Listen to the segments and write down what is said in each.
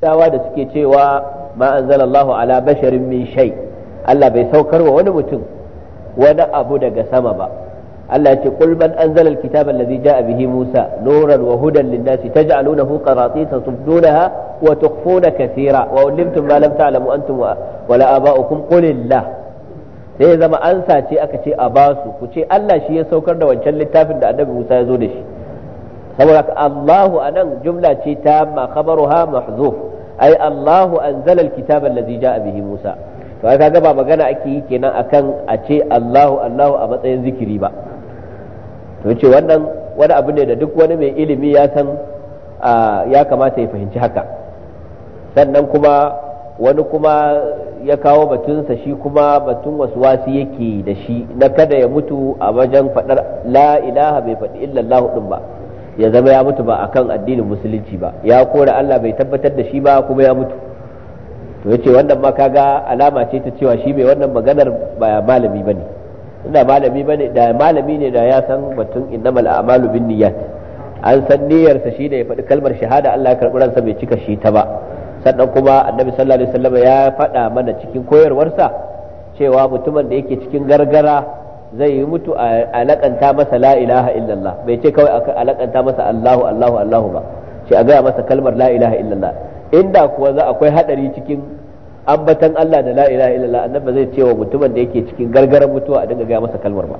dawa da suke cewa ma Allahu ala basharin min shay Allah bai saukar wa wani mutum wani abu daga sama ba Allah ce qul man anzala alkitaba allazi jaa bihi Musa nuran wa hudan lin-nasi taj'alunahu qaratisa tubdunaha wa tukhfuna kathira wa ulimtum ma lam ta'lamu antum wa la aba'ukum qulillah sai zama an sace aka ce a basu ku ce Allah shi ya saukar da wancan littafin da annabi Musa ya zo da shi saboda Allahu anan jumla ce ta ma khabaruha mahzuf ai Allahu anzala alkitaba Lazija a bihi Musa to ai kaga ba magana ake yi kenan akan a ce Allahu Allahu a matsayin zikiri ba to ce wannan wani abu ne da duk wani mai ilimi ya san ya kamata ya fahimci haka sannan kuma wani kuma ya kawo batunsa shi kuma batun wasu wasi yake da shi na kada ya mutu a wajen faɗar la'ilaha bai faɗi illallahu ɗin ba ya zama ya mutu ba kan addinin musulunci ba ya kora Allah bai tabbatar da shi ba kuma ya mutu to ce wannan ma kaga alama ce ta cewa shi bai wannan maganar ba malami bane ina malami bane da malami ne da ya san batun innamal a'malu niyyat an san niyyarsa shi da ya faɗi kalmar shahada Allah ya karɓi ransa bai cika shi ta ba sannan kuma annabi sallallahu alaihi wasallam ya faɗa mana cikin koyarwarsa cewa mutumin da yake cikin gargara zai yi mutu a laƙanta masa la ilaha illallah bai ce kawai a laƙanta masa Allahu Allahu Allahu ba shi a gaya masa kalmar la ilaha illallah inda kuwa za akwai hadari cikin ambatan Allah da la ilaha illallah annabi ba zai ce wa mutumin da yake cikin gargaran mutuwa a dinga gaya masa kalmar ba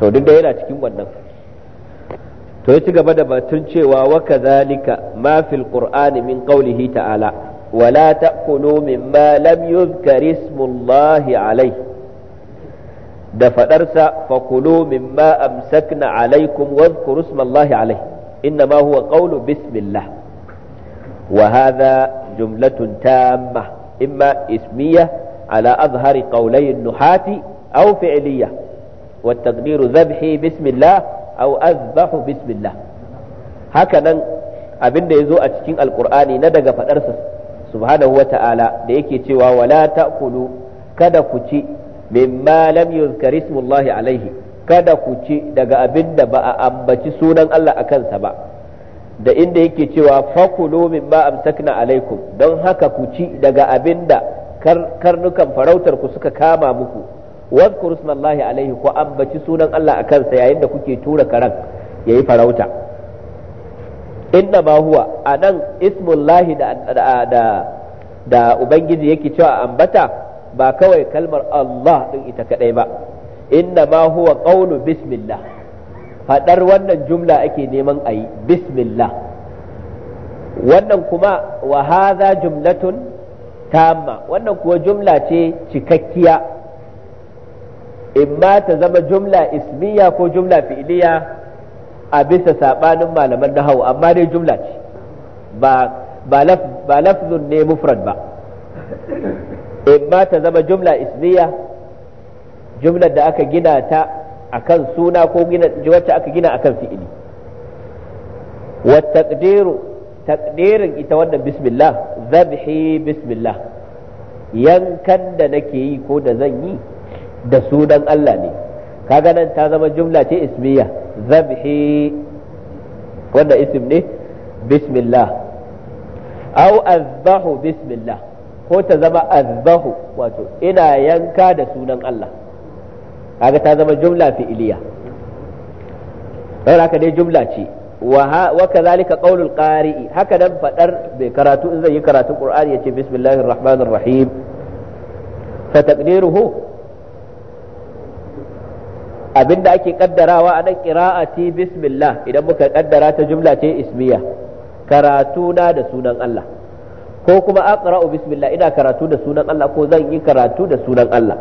to duk da yana cikin wannan to ya ci gaba da batun cewa wa kazalika ma fil qur'ani min qawlihi ta'ala ولا تأكلوا مما لم يذكر اسم الله da fadarsa fakulu mimma amsakna alaikum wadhkuru ismallahi alaihi inna ma huwa qawlu bismillah wa hadha jumlatun tamma imma ismiyya ala azhari qawlay nuhati aw filiya wa taqdiru dhabhi bismillah aw azbahu bismillah hakanan abinda yazo a cikin alqur'ani na daga fadarsa subhanahu wa ta'ala da yake cewa wala ta'kulu kada ku ci mimma lam yuzkar ismullahi alaihi kada ku ci daga abin da ba a ambaci sunan Allah a kansa ba da inda yake cewa fakulu ba amsakna alaikum don haka ku ci daga abin da karnukan farautar ku suka kama muku wadhkur ismallahi alaihi ku ambaci sunan Allah a kansa yayin da kuke tura karan yayi farauta inna ma huwa anan ismullahi da da da ubangiji yake cewa ambata ba kawai kalmar Allah ɗin ita kadai ba inna ma huwa qawlu bismillah fadar wannan jumla ake neman a yi bismillah wannan kuma wa jumlatun tamma wannan kuwa jumla ce cikakkiya imma ta zama jumla ismiya ko jumla fi'liya a bisa saɓanin malaman hau amma dai jumla ce ba ba lafzun ne mufrad ba imma ta zama jumla ismiya jumlar da aka gina ta akan suna ko wacce aka gina akan fi'ili wa ita wannan bismillah zabhi bismillah yankan da nake yi ko da zan yi da sunan Allah ne kaga nan ta zama jumla ce ismiya zabhi wanda isim ne bismillah au azbahu bismillah ko ta zama azbahu wato ina yanka da sunan Allah kaga ta zama jumla fi'iliya haka dai jumla ce wa kadhalika qaulul qari'i haka dan fadar bai karatu in zai yi karatu qur'ani yace bismillahir rahmanir rahim fa taqdiruhu abinda ake kaddarawa a nan qira'ati bismillah idan muka kaddara ta jumla ce ismiya karatu na da sunan Allah ko kuma aqra'u bismillah ina karatu da sunan Allah ko zan yi karatu da sunan Allah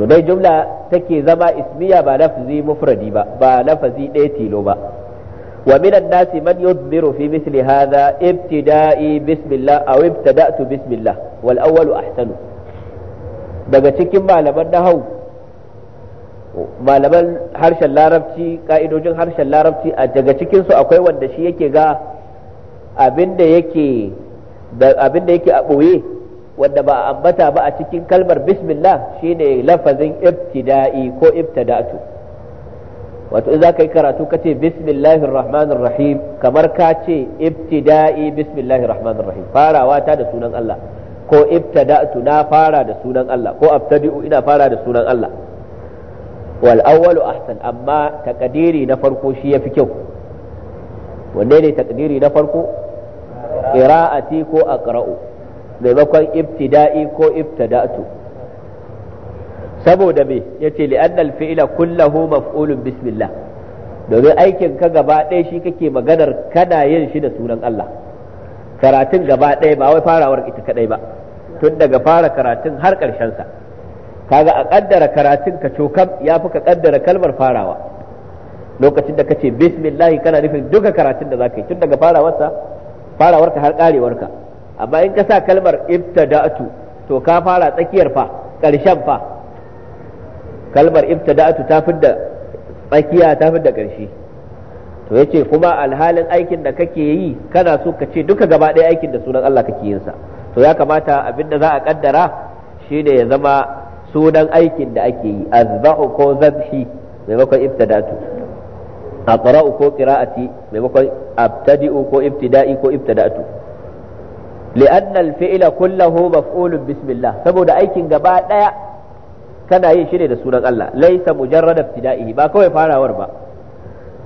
to dai jumla take zama ismiya ba lafzi mufradi ba ba lafazi ɗaya tilo ba wa minan nasi man yudbiru fi misli hadha ibtida'i bismillah aw ibtada'tu bismillah wal awwalu ahsanu daga cikin malaman nahau malaman harshen larabci ka'idojin harshen larabci a daga cikin su akwai wanda shi yake ga abin da yake da abin da yake a ɓoye wanda ba a ambata ba a cikin kalmar bismillah shine lafazin ibtida'i ko ibtida'atu wato in za ka yi karatu ka ce bismillahir rahmanir rahim kamar ka ce ibtida'i bismillahir rahmanir rahim farawa ta da sunan Allah ko ibtida'atu na fara da sunan Allah ko abtadi'u ina fara da sunan Allah wal awwalu ahsan amma takdiri na farko shi yafi kyau wanne ne takdiri na farko qira'ati ko aqra'u maimakon ibtida'i ko ibtada'tu saboda me yace li annal fi'la kullahu maf'ulun bismillah domin aikin ka gaba ɗaya shi kake maganar kana yin shi da sunan Allah karatun gaba ɗaya ba wai farawar ita kadai ba tun daga fara karatun har ƙarshen sa kaga a kaddara karatun ka cokam ya fi ka kaddara kalmar farawa lokacin da kace bismillah kana nufin duka karatun da zaka yi tun daga farawarsa farawarka har karewarka amma in ka sa kalmar ibtada'tu to ka fara tsakiyar fa ƙarshen fa kalmar ibtada'tu ta fidda tsakiya ta fidda ƙarshe to yace kuma alhalin aikin da kake yi kana so ka ce duka gaba ɗaya aikin da sunan Allah kake yin sa to ya kamata abinda za a kaddara shine ya zama sunan aikin da ake yi azba'u ko zabhi maimakon ibtada'tu aqra'u ko qira'ati maimakon abtadi'u ko ibtida'i ko ibtada'tu li'anna al-fi'la kullahu maf'ulun bismillah saboda aikin gaba ɗaya kana yin shi da sunan Allah laysa mujarrad ibtida'i ba kawai farawar ba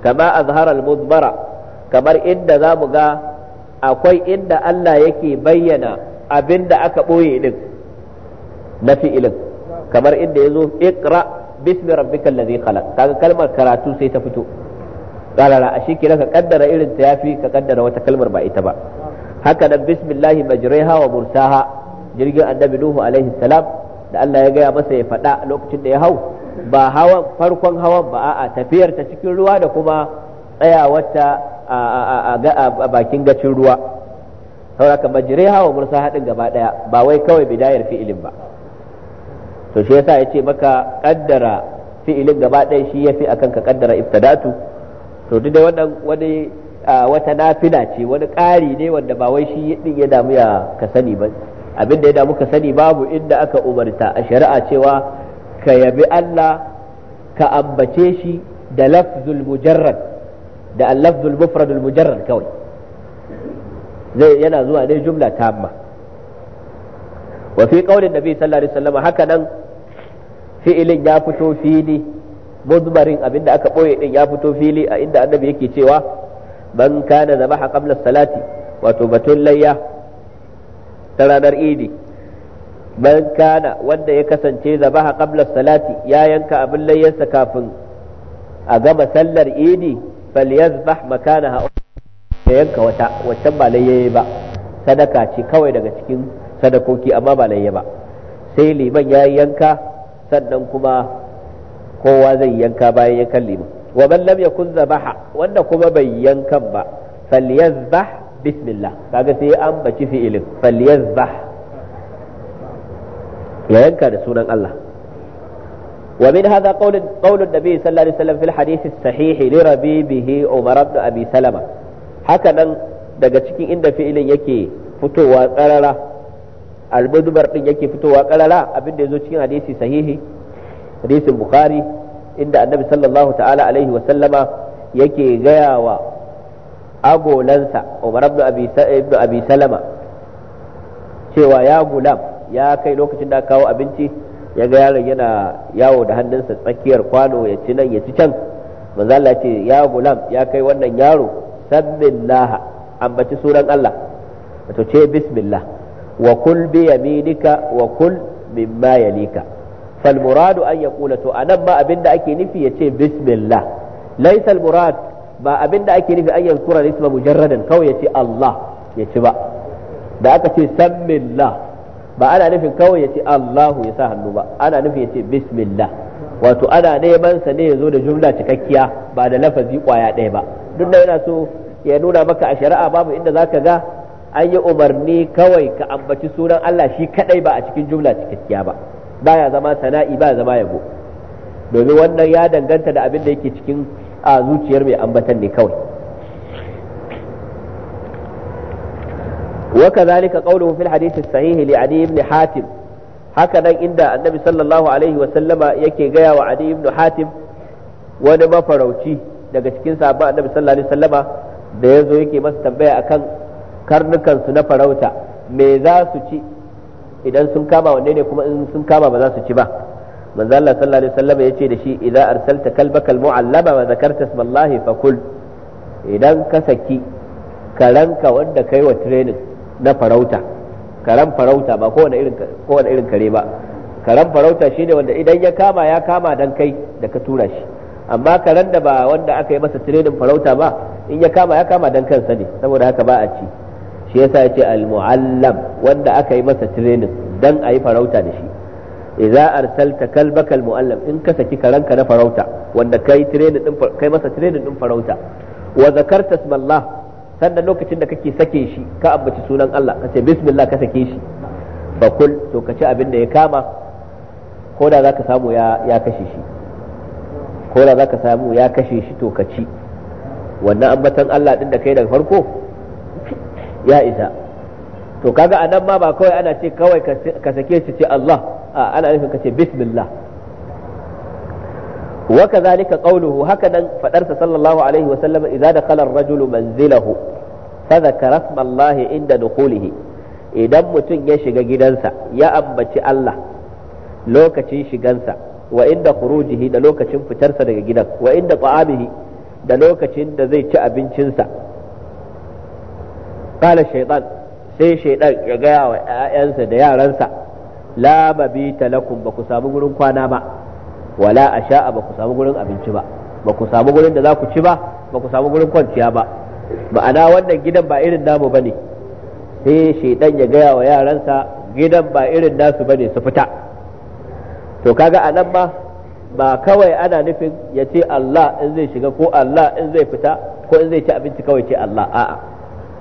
kama azhara al-mudbara kamar inda zamu ga akwai inda Allah yake bayyana abinda aka boye din na fi'ilin kamar inda zo Ikra bismi rabbikal ladhi khalaq kaga kalmar karatu sai ta fito qarara ashe kira ka kaddara irin ta yafi ka kaddara wata kalmar ba ita ba haka da bismillah majriha wa mursaha jirgin annabi nuhu alaihi salam da Allah ya gaya masa ya faɗa lokacin da ya hau ba hawan farkon hawan ba a tafiyar ta cikin ruwa da kuma tsayawarta a bakin gacin ruwa sauraka majriha wa mursa din gaba daya ba wai kawai bidayar fi'ilin ba to shi yasa yace maka kaddara fi'ilin gaba daya shi yafi akan ka kaddara ibtada'tu to duk da wannan wani wata nafila ce wani ƙari ne wanda ba wai shi din ya damu ya ka sani ba abin da ya damu ka sani babu inda aka umarta a shari'a cewa ka yabi Allah ka ambace shi da lafzul mujarrad da al-lafzul mufradul mujarrad kawai zai yana zuwa ne jumla tamma wa fi qaulin nabi sallallahu alaihi wasallam haka nan fi'ilin ya fito ni. mudmarin abinda aka boye din ya fito fili a inda annabi yake cewa man kana zabaha qabla salati wato batun layya ta ranar idi man kana wanda ya kasance zabaha qabla salati ya yanka abin layyarsa kafin a gama sallar idi falyazbah makanaha ya yanka wata waccan ba layyaye ba sadaka ce kawai daga cikin sadakoki amma ba layye ba sai liman ya yanka sannan kuma kowa zai yanka bayan yankan liman wa man lam yakun zabaha wanda kuma bai yankan ba falyazbah bismillah kaga sai an baci fi'ilin falyazbah ya yanka da sunan Allah wa min hadha qawl qawl an-nabi sallallahu alaihi wasallam fil hadith as-sahih li rabibihi umar ibn abi salama haka nan daga cikin inda fi'ilin yake fitowa tsarara al-budbar din yake fitowa karara abinda yazo cikin hadisi sahihi hadisin bukhari inda annabi sallallahu ta'ala alaihi wa sallama yake gaya wa agolansa umar ibn abi salama cewa ya gulam ya kai lokacin da kawo abinci ya ga yaron yana yawo da hannunsa tsakiyar kwano ya ci nan ya ci can manzo Allah ce ya gulam ya kai wannan yaro sabbillah ambaci suran Allah wato ce bismillah wa kul bi yaminika wa kul mimma yalika fal muradu an yaqula to anan ma abinda ake nufi yace bismillah laysa al murad ba abinda ake nufi an yankura isma mujarradan kawai yace Allah yace ba da aka ce sammillah ba ana nufin kawai yace Allahu ya sa hannu ba ana nufin yace bismillah wato ana neman sa ne yazo da jumla cikakkiya ba da lafazi kwaya ɗaya ba duk da yana so ya nuna maka a shari'a babu inda za ka ga an yi umarni kawai ka ambaci sunan Allah shi kadai ba a cikin jumla cikakkiya ba baya zama sana'i baya zama yabo domin wannan ya danganta da abin da yake cikin a zuciyar mai ambatan ne kawai وكذلك قوله في الحديث الصحيح لعلي بن حاتم inda Annabi sallallahu alaihi wa sallama yake gaya wa وعلي Ibn Hatim wani mafarauci daga cikin sahabba annabi sallallahu alaihi wa sallama da yazo yake masa tambaya akan karnukan su na farauta me za su ci idan sun kama wanne ne kuma in sun kama ba za su ci ba manzo Allah sallallahu alaihi wasallam yace da shi idza arsalta kalbaka almu'allaba wa zakarta ismallahi fakul idan ka saki karanka wanda kai wa training na farauta karan farauta ba kowane irin kowane irin kare ba karan farauta shine wanda idan ya kama ya kama dan kai da ka tura shi amma karan da ba wanda aka yi masa training farauta ba in ya kama ya kama dan kansa ne saboda haka ba a ci shi yasa yace al-mu'allam wanda aka yi masa training dan a yi farauta da shi idza arsalta kalbaka al-mu'allam in ka saki karanka na farauta wanda kai training din kai masa training din farauta wa zakarta ismallah sannan lokacin da kake sake shi ka ambaci sunan Allah ka ce bismillah ka sake shi fa kul to ka ci abin da ya kama ko da zaka samu ya ya kashe shi ko da zaka samu ya kashe shi to ka ci wannan ambatan Allah din da kai daga farko ya isa to kaga anan ma ba kawai ana ce kawai ka sake shi ce Allah ana nufin ka ce bismillah wa kadhalika qawluhu haka nan fadar sa sallallahu alaihi wa sallam idza dakhala ar-rajulu manzilahu fa dhakara Allah inda dukhulihi idan mutum ya shiga gidansa ya ambaci Allah lokacin shigansa wa inda khurujihi da lokacin fitarsa daga gidan wa inda ta'amihi da lokacin da zai ci abincinsa qala shaytan sai shaytan ya gaya wa ƴaƴansa da yaransa la mabita lakum ba ku samu gurin kwana ba wala asha'a ba ku samu gurin abinci ba ba ku samu gurin da za ku ci ba ba ku samu gurin kwanciya ba ma'ana wannan gidan ba irin namu bane sai shaidan ya gaya wa yaransa gidan ba irin nasu bane su fita to kaga a nan ba kawai ana nufin ya ce Allah in zai shiga ko Allah in zai fita ko in zai ci abinci kawai ce Allah a'a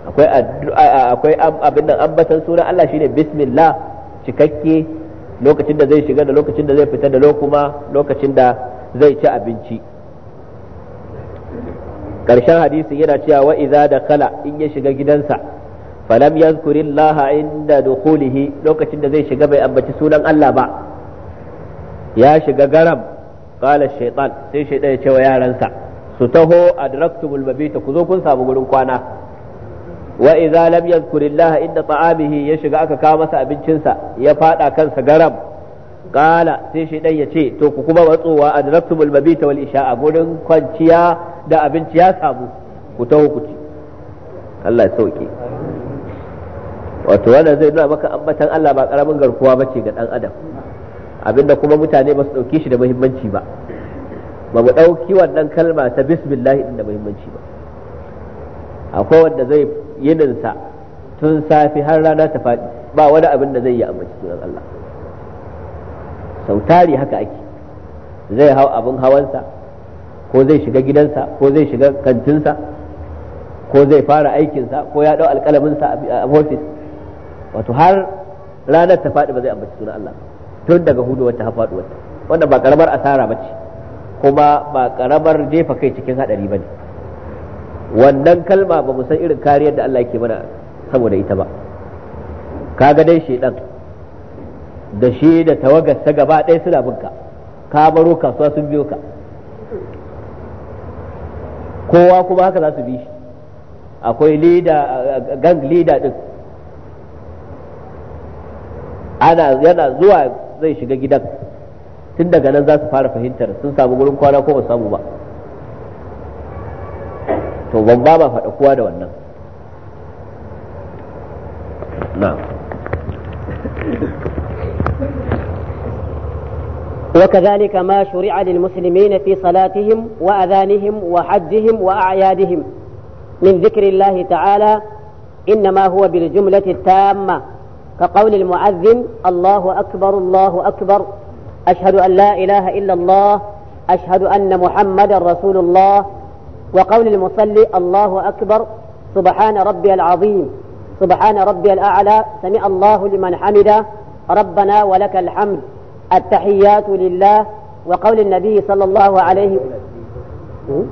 akwai akwai abin nan ambatan sunan Allah shine bismillah cikakke lokacin da zai shiga da lokacin da zai fita da kuma lokacin da zai ci abinci karshen hadisi yana cewa wa da kala in ya shiga gidansa falam yazkuri Allah inda dukhulihi lokacin da zai shiga bai ambaci sunan Allah ba ya shiga garam kala shaytan sai shaytan ya ce wa yaransa su taho adraktumul mabita ku zo kun samu gurin kwana wa idza lam yadhkurillah inda ta'amihi ya shiga aka kawo masa abincinsa ya fada kansa garam qala sai shi dan yace to ku kuma watsowa adraktumul mabita wal isha'a gurin kwanciya da abinci ya samu ku taho ku ci Allah ya sauke wato wannan zai nuna maka ambatan Allah ba karamin garkuwa bace ga dan adam abinda kuma mutane ba su dauke shi da muhimmanci ba ba mu dauki wannan kalma ta bismillah din da muhimmanci ba akwai wanda zai yininsa tun safi har rana ta faɗi ba wani abin da zai yi ambaci sunan Allah sautari haka ake zai hau abin hawansa ko zai shiga gidansa ko zai shiga kantinsa ko zai fara aikinsa ko ya ɗau alƙalaminsa a ofis wato har ranar ta faɗi ba zai ambaci sunan Allah tun daga hudu wata ha wata wanda ba karamar asara ba ce kuma ba karamar jefa kai cikin haɗari ba ne wannan kalma ba mu san irin kariyar da Allah yake mana saboda ita ba kaga dai shedan da shi da tawagar ta gaba ɗaya suna binka ka baro kasuwa sun biyo ka kowa kuma haka za su bi shi akwai gang leader din ana yana zuwa zai shiga gidan tun daga nan za su fara fahimtar sun samu wurin kwana ko ba samu ba to babba ba faɗa kowa da wannan na'am وكذلك ما شرع للمسلمين في صلاتهم وأذانهم وحجهم وأعيادهم من ذكر الله تعالى إنما هو بالجملة التامة كقول المعذن الله أكبر الله أكبر أشهد أن لا إله إلا الله أشهد أن محمدا رسول الله وقول المصلي الله أكبر سبحان ربي العظيم سبحان ربي الأعلى سمع الله لمن حمده ربنا ولك الحمد التحيات لله وقول النبي صلى الله عليه وقول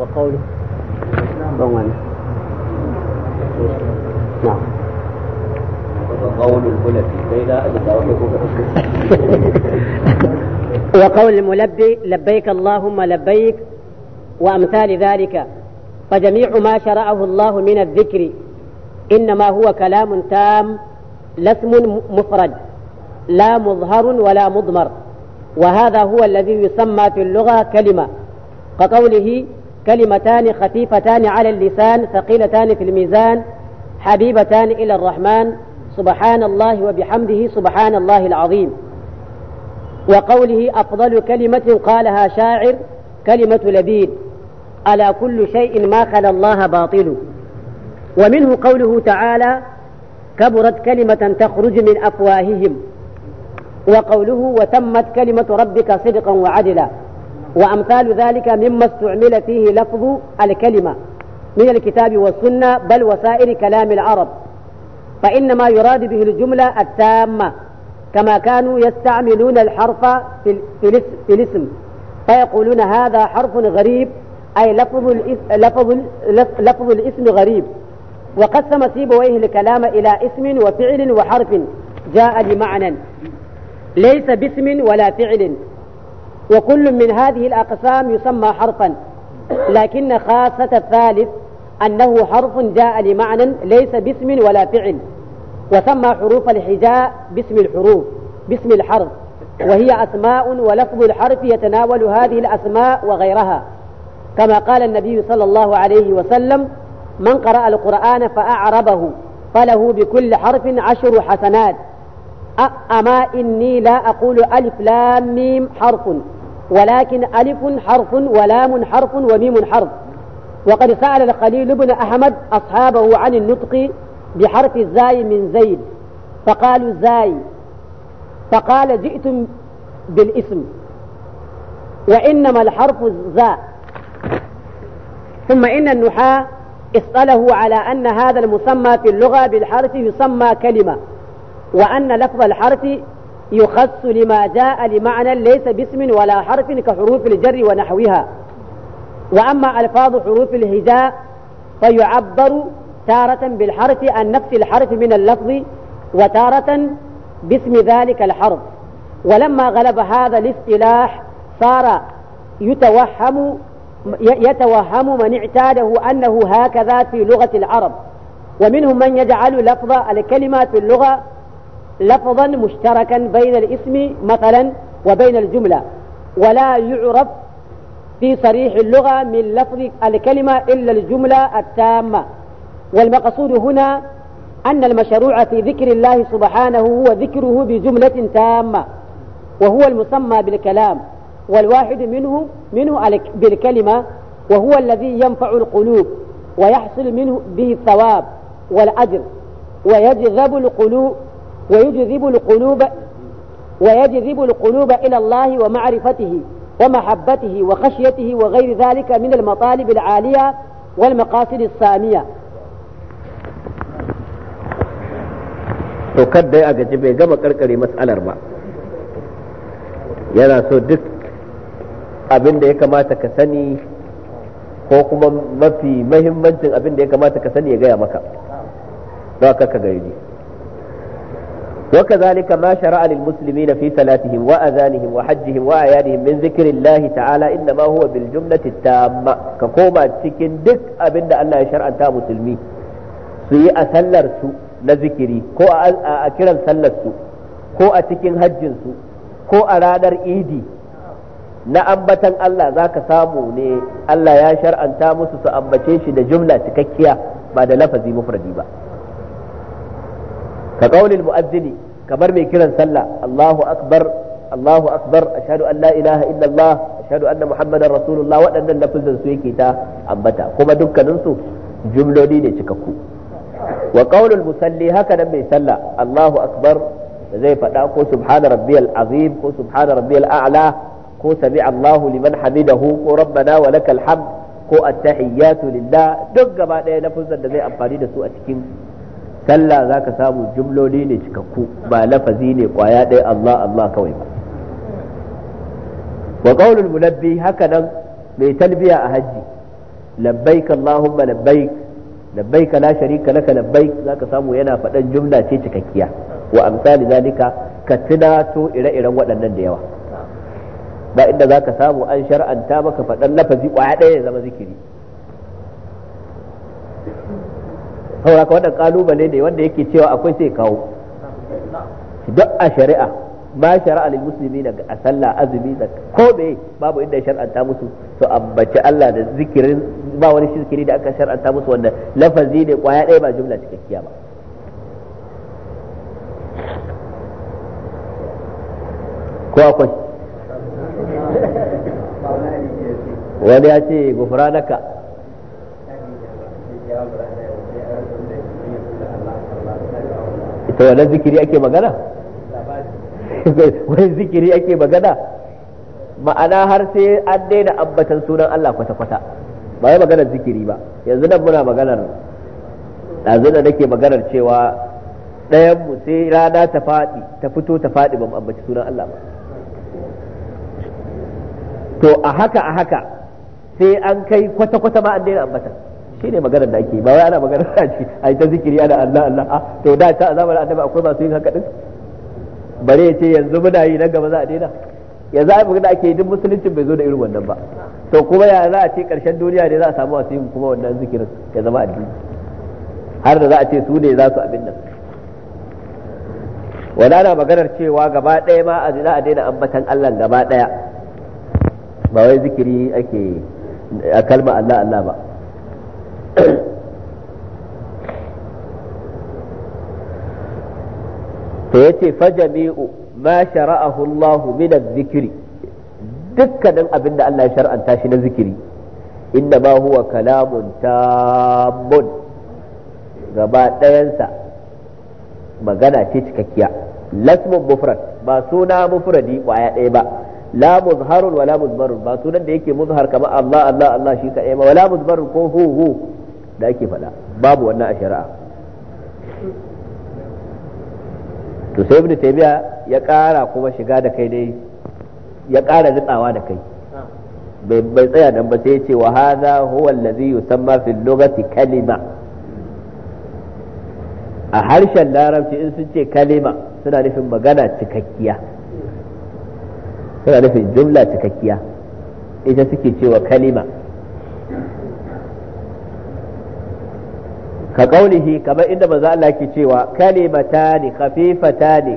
وقول نعم قول البلفي فإذا أدت وقول الملبي لبيك اللهم لبيك وأمثال ذلك فجميع ما شرعه الله من الذكر إنما هو كلام تام لا اسم مفرد لا مظهر ولا مضمر وهذا هو الذي يسمى في اللغة كلمة كقوله كلمتان خفيفتان على اللسان ثقيلتان في الميزان حبيبتان إلى الرحمن سبحان الله وبحمده سبحان الله العظيم وقوله أفضل كلمة قالها شاعر كلمة لبيد ألا كل شيء ما خلا الله باطل ومنه قوله تعالى كبرت كلمة تخرج من أفواههم وقوله وتمت كلمة ربك صدقا وعدلا وأمثال ذلك مما استعمل فيه لفظ الكلمة من الكتاب والسنة بل وسائر كلام العرب فإنما يراد به الجملة التامة كما كانوا يستعملون الحرف في الاسم فيقولون هذا حرف غريب أي لفظ الاسم, لفظ, لفظ الاسم غريب وقسم سيبويه الكلام إلى اسم وفعل وحرف جاء لمعنى ليس باسم ولا فعل وكل من هذه الأقسام يسمى حرفا لكن خاصة الثالث أنه حرف جاء لمعنى ليس باسم ولا فعل وسمى حروف الحجاء باسم الحروف باسم الحرف وهي أسماء ولفظ الحرف يتناول هذه الأسماء وغيرها كما قال النبي صلى الله عليه وسلم من قرأ القرآن فأعربه فله بكل حرف عشر حسنات أما إني لا أقول ألف لام ميم حرف ولكن ألف حرف ولام حرف وميم حرف وقد سأل الخليل بن أحمد أصحابه عن النطق بحرف الزاي من زيد فقالوا زاي فقال جئتم بالاسم وإنما الحرف الزاء ثم إن النحاة اصطله على أن هذا المسمى في اللغة بالحرف يسمى كلمة وأن لفظ الحرف يخص لما جاء لمعنى ليس باسم ولا حرف كحروف الجر ونحوها وأما ألفاظ حروف الهجاء فيعبر تارة بالحرف عن نفس الحرف من اللفظ وتارة باسم ذلك الحرف ولما غلب هذا الاصطلاح صار يتوهم يتوهم من اعتاده أنه هكذا في لغة العرب ومنهم من يجعل لفظ الكلمة في اللغة لفظا مشتركا بين الاسم مثلا وبين الجملة ولا يعرف في صريح اللغة من لفظ الكلمة إلا الجملة التامة والمقصود هنا أن المشروع في ذكر الله سبحانه هو ذكره بجملة تامة وهو المسمى بالكلام والواحد منه منه بالكلمة وهو الذي ينفع القلوب ويحصل منه به الثواب والأجر ويجذب القلوب ويجذب القلوب ويجذب القلوب إلى الله ومعرفته ومحبته وخشيته وغير ذلك من المطالب العالية والمقاصد السامية to kadda ya gaji bai gama karkare matsalar ba yana so duk abin da ya kamata ka sani ko kuma mafi mahimmancin abin da ya kamata ka sani ya gaya maka don ka gaji وكذلك ما شرع للمسلمين في صلاتهم وأذانهم وحجهم وأعيادهم من ذكر الله تعالى إنما هو بالجملة التامة كقوما تشكين دك أبن الله شرعا تا مسلمي سيء أسلر سوء na zikiri ko a kiran sallarsu ko a cikin hajjinsu ko a ranar idi na ambatan Allah za ka samu ne Allah ya shar'anta musu su ambace shi da jumla cikakkiya ba da lafazi mufradi ba ka ƙaunin mu'azzini kamar mai kiran sallah Allahu akbar Allahu akbar ashhadu an la ilaha illallah ashhadu anna muhammadan rasulullah waɗannan lafazin su yake ta ambata kuma dukkaninsu jumloli ne cikakku wa qaulul musalli haka nan mai sallah Allahu akbar da zai faɗa ko subhana rabbiyal azim ko subhana rabbiyal a'la ko sami Allahu liman hamidahu ko rabbana wa lakal hamd ko attahiyatu lilla duk gaba ɗaya lafazan da zai amfani da su a cikin sallah zaka samu jumloli ne cikakku ba lafazi ne kwaya ɗaya Allah Allah kawai ba wa munabbi haka mai talbiya a hajji labbaik allahumma labbaik labbaika la sharika laka labbaik zaka samu yana faɗan jumla ce cikakkiya wa amsali zalika ka tunato ire-iren waɗannan da yawa ba inda zaka samu an shar'anta maka faɗan lafazi kwaya ɗaya ya zama zikiri saboda ka wannan kalubale ne wanda yake cewa akwai sai kawo duk a shari'a ba shari'a lil muslimin a sallah azumi da ko babu inda shar'anta musu su ambaci Allah da zikirin ba wani shirkiri da aka shar'anta musu wanda lafazi ne kwaya ɗaya ba jumla cikakkiya ba ko akwai wani ya ce gufura naka. ita wannan zikiri ake magana wani zikiri ake magana ma'ana har sai an daina ambatan sunan Allah kwata-kwata ba yi maganar zikiri ba yanzu nan muna maganar ɗazu da nake maganar cewa ɗayan mu sai rana ta faɗi ta fito ta faɗi ba mu ambaci sunan Allah ba to a haka a haka sai an kai kwata-kwata ma an daina ambatan shi ne maganar da ake ba wai ana maganar da ce a ta zikiri ana Allah Allah a to da ta azabar annabi akwai masu yin haka din bare ya ce yanzu muna yi na gaba za a daina ya za a da ake yi duk musuluncin bai zo da irin wannan ba to kuma ya za a ce karshen duniya ne za a samu wasu yin kuma wannan zikirin ya zama addini har da za a ce su ne za su abin nan wanda ana maganar cewa gaba ɗaya ma a zina a daina ambatan Allah gaba ɗaya ba wai zikiri ake a kalma Allah Allah ba to yace fa jami'u ma shara'ahu Allah min zikiri dukkanin abin da Allah ya shar'anta shi na zikiri inda ma huwa kalamun tamun gaba ɗayansa magana ce cikakkiya lasmun mufrad ba suna mufradi kwaya ɗaya ba la muzharun wala muzbarun ba sunan da yake muzhar kamar Allah Allah Allah shi kaɗai ba wala muzbarun ko hu da ake faɗa babu wannan a shari'a to sai ibnu taymiya ya kara kuma shiga da kai dai ya kara ritsawa da kai bai bai tsaya nan ba sai ya ce wa hadha huwa allazi yusamma fi lughati kalima a harshen larabci in sun ce kalima suna nufin magana cikakkiya suna nufin jumla cikakkiya ita suke cewa kalima ka qaulihi kamar inda manzo Allah yake cewa kalimatani khafifatani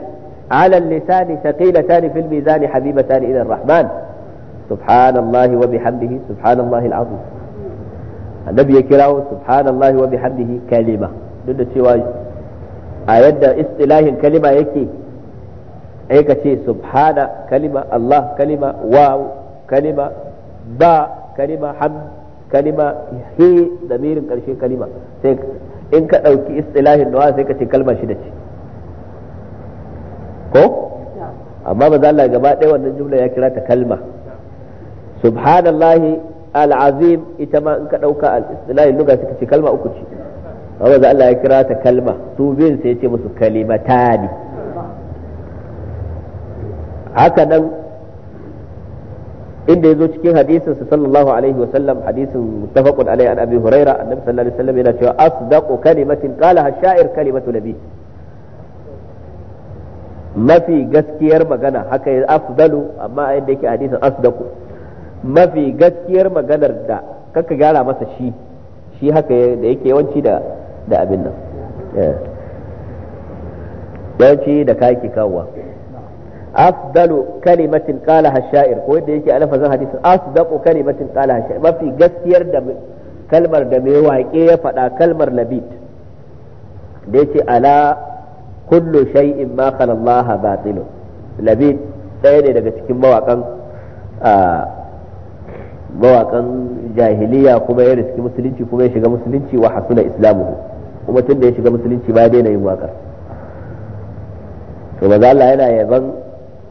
ala lisani thaqilatani fil mizani habibatani ila ar-rahman subhanallahi wa bihamdihi subhanallahi al-azim annabi ya kirawo subhanallahi wa bihamdihi kalima duk da cewa a yadda istilahin kalima yake ai ce subhana kalima Allah kalima wa kalima ba kalima ham kalima he da mirin karshe kalima sai in ka ɗauki istilahin du'a sai ka ce kalma shida ce ko amma ba za Allah gaba ɗaya wannan jumla ya kira ta kalma subhanallahi al'azim ita ma in ka ɗauka al-istilahin lugha sai ka ce kalma uku ce amma ba Allah ya kira ta kalma su biyun sai ya ce musu kalimatani haka nan inda yazo cikin hadisin sa sallallahu alaihi wa sallam hadisin muttafaqun alaihi an abi huraira annabi sallallahu alaihi wasallam yana cewa asdaqu kalimatin qalaha hasha'ir kalimatu nabi mafi gaskiyar magana haka ya afdalu amma inda yake hadisin asdaqu mafi gaskiyar maganar da kaka gyara masa shi shi haka da yake yawanci da da abin nan eh. yawanci da kake kawowa afdalu kalimatin qala hashair ko yadda yake a lafazin hadisin asdaqu kalimatin qala hashair mafi gaskiyar da kalmar da mai faɗa kalmar labid da yace ala kullu shay'in ma khala Allah batilun labid ɗaya ne daga cikin mawaƙan mawaƙan jahiliya kuma ya riski musulunci kuma ya shiga musulunci wa hasuna islamuhu kuma tun da ya shiga musulunci ba daina yin waƙar to maza yana yaban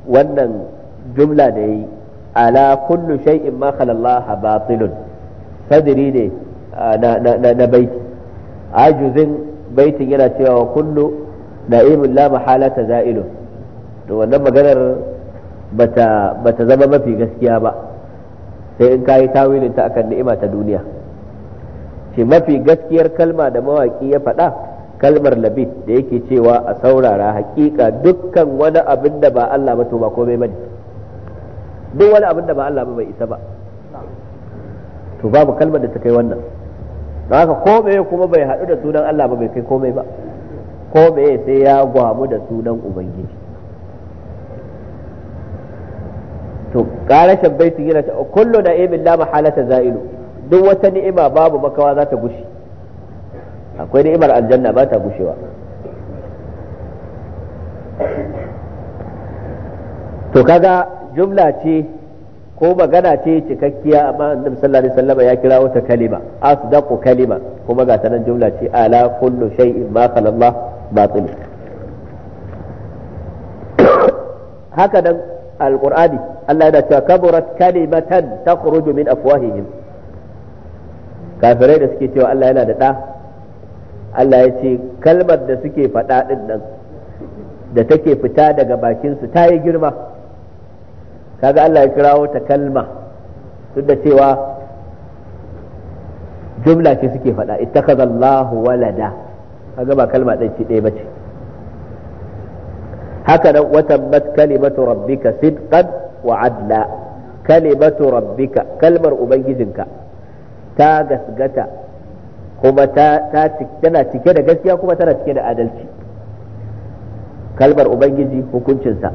wannan jumla da yayi ala kullu shay'in ma khala Allah batilun sadri ne na baiti ajuzin baitin yana cewa wa kullu na'imun la mahalata za'ilun to wannan maganar bata bata zama mafi gaskiya ba sai in kayi tawilin ta akan ni'ima ta duniya shi mafi gaskiyar kalma da mawaki ya faɗa kalmar labid da yake cewa a saurara hakika dukkan wani abin da ba Allah ba to ba komai bane duk wani abin da ba Allah ba bai isa ba to babu kalmar da ta kai wannan don haka komai kuma bai haɗu da sunan Allah ba bai kai komai ba komai sai ya gwamu da sunan ubangiji to ƙara shabbaitin yana ta kullu na imin la mahalata za'ilu duk wata ni'ima babu makawa za ta gushi akwai ni'imar aljanna ba ta gushewa to kaga jumla ce ko magana ce cikakkiya amma annabi sallallahu alaihi wasallam ya kira wata kalima asdaqu kalima kuma ga tanan jumla ce ala kullu shay'in ma qala Allah batil haka dan alqur'ani Allah yana cewa kaburat kalimatan takhruju min afwahihim kafirai da suke cewa Allah yana da da Allah ya ce kalmar da suke faɗa ɗin nan da take fita daga bakinsu ta yi girma kaga Allah ya kirawo ta kalma duk da cewa jumla ce suke faɗa ittakhadha Allahu walada kaga ba kalma ɗin ce ɗaya bace haka nan watabbat kalimatu rabbika sidqan wa adla kalimatu rabbika kalmar ubangijinka ta gasgata kuma tana cike da gaskiya kuma tana cike da adalci kalmar ubangiji hukuncinsa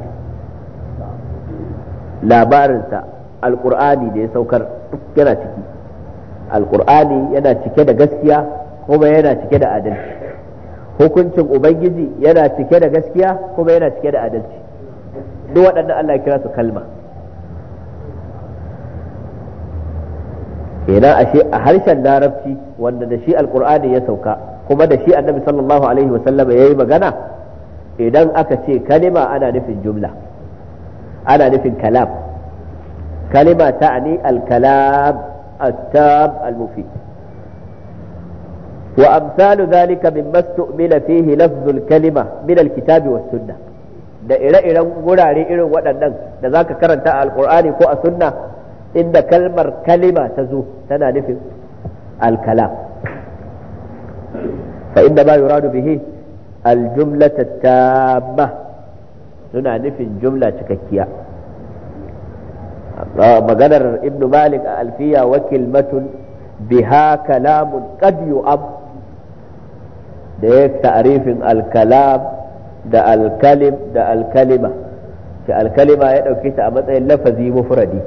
labarinsa alkur'ani da ya saukar yana ciki alkur'ani yana cike da gaskiya kuma yana cike da adalci hukuncin ubangiji yana cike da gaskiya kuma yana cike da adalci duk waɗannan allah ya kira su kalma idan ashe a harshen larabci wanda da shi alkur'ani ya sauka kuma da shi annabi sallallahu alaihi wasallam ya yi magana idan aka ce kalima ana nufin jumla ana nufin kalam kalima ta'ani al-kalam at-tab al-mufid وأمثال ذلك مما استؤمل فيه kalima min alkitabi الكتاب والسنة da ire-iren gurare irin waɗannan da za ka karanta a alkur'ani ko a sunna inda kalmar kalima ta zo tana nufin alkalam, fa inda ma yuradu bihi al-jumlata suna nufin jumla cikakkiya maganar ibn malik a alfiya wa kilmatun biha kalamun qad yu'ab da ya ta'rifin da alkalim da alkalima. kalima alkalima ya dauke ta a matsayin lafazi mufradi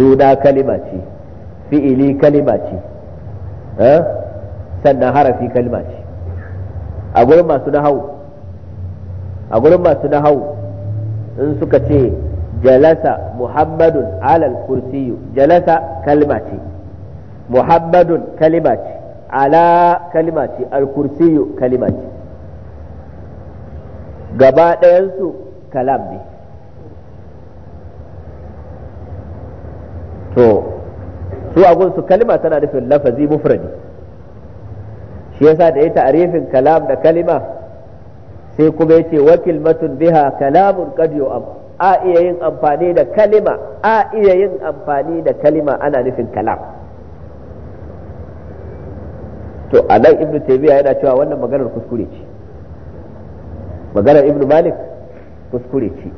suna kalima ce fi'ili kalima ce eh? sannan harafi kalima ce a gurin masu nahau a gurin masu nahau in suka ce jalasa muhammadun alal kursiyu jalasa kalima ce muhammadun kalima ce ala kalima ce al kursiyu kalima ce gaba ɗayansu kalam ne to su a gunsu kalima tana nufin lafazi mufradi shi yasa da ya ta'arifin kalam da kalima sai kuma yace wa matun biha kalamun qad am a iya yin amfani da kalima a iya yin amfani da kalima ana nufin kalam to a nan ibnu taymiya yana cewa wannan maganar kuskure ce maganar ibnu malik kuskure ce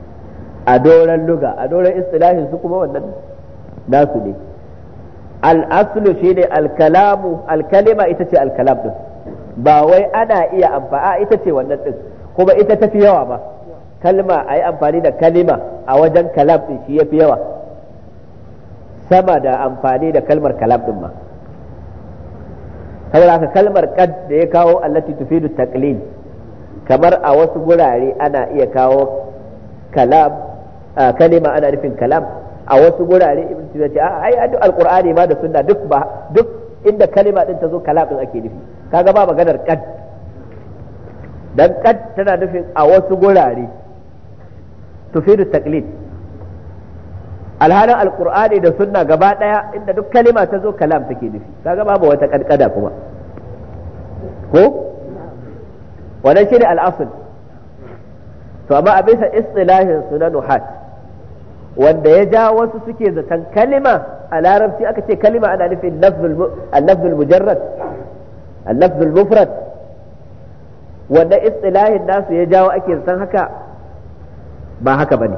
a doran luga a doran istilahin su kuma wannan nasu ne al'aslu shi ne alkalamu alkalima ita ce alkalam ɗin ba wai ana iya amfa'a ita ce wannan ɗin kuma ita ta fi yawa ba kalma a yi amfani da kalima a wajen kalam ɗin shi ya fi yawa sama da amfani da kalmar kalam ɗin ma saboda haka kalmar kad da ya kawo allati tufidu taqlil kamar a wasu gurare ana iya kawo kalam kalima ana nufin kalam a wasu gurare ibn sina ce a ai duk alqur'ani ma da sunna duk ba duk inda kalima din ta zo kalamin ake nufi kaga ba maganar kad dan kad tana nufin a wasu gurare tufidu taqlid alhalin alqur'ani da sunna gaba daya inda duk kalima ta zo kalam take nufi kaga ba wata kadkada kuma ko wannan shine al-asl to amma a bisa istilahin sunan nuhat wanda ya ja wasu suke zaton kalima a larabci aka ce kalima ana nufin lafzul mujarrad lafzul mufrad wanda istilahin nasu ya jawo ake zaton haka ba haka bane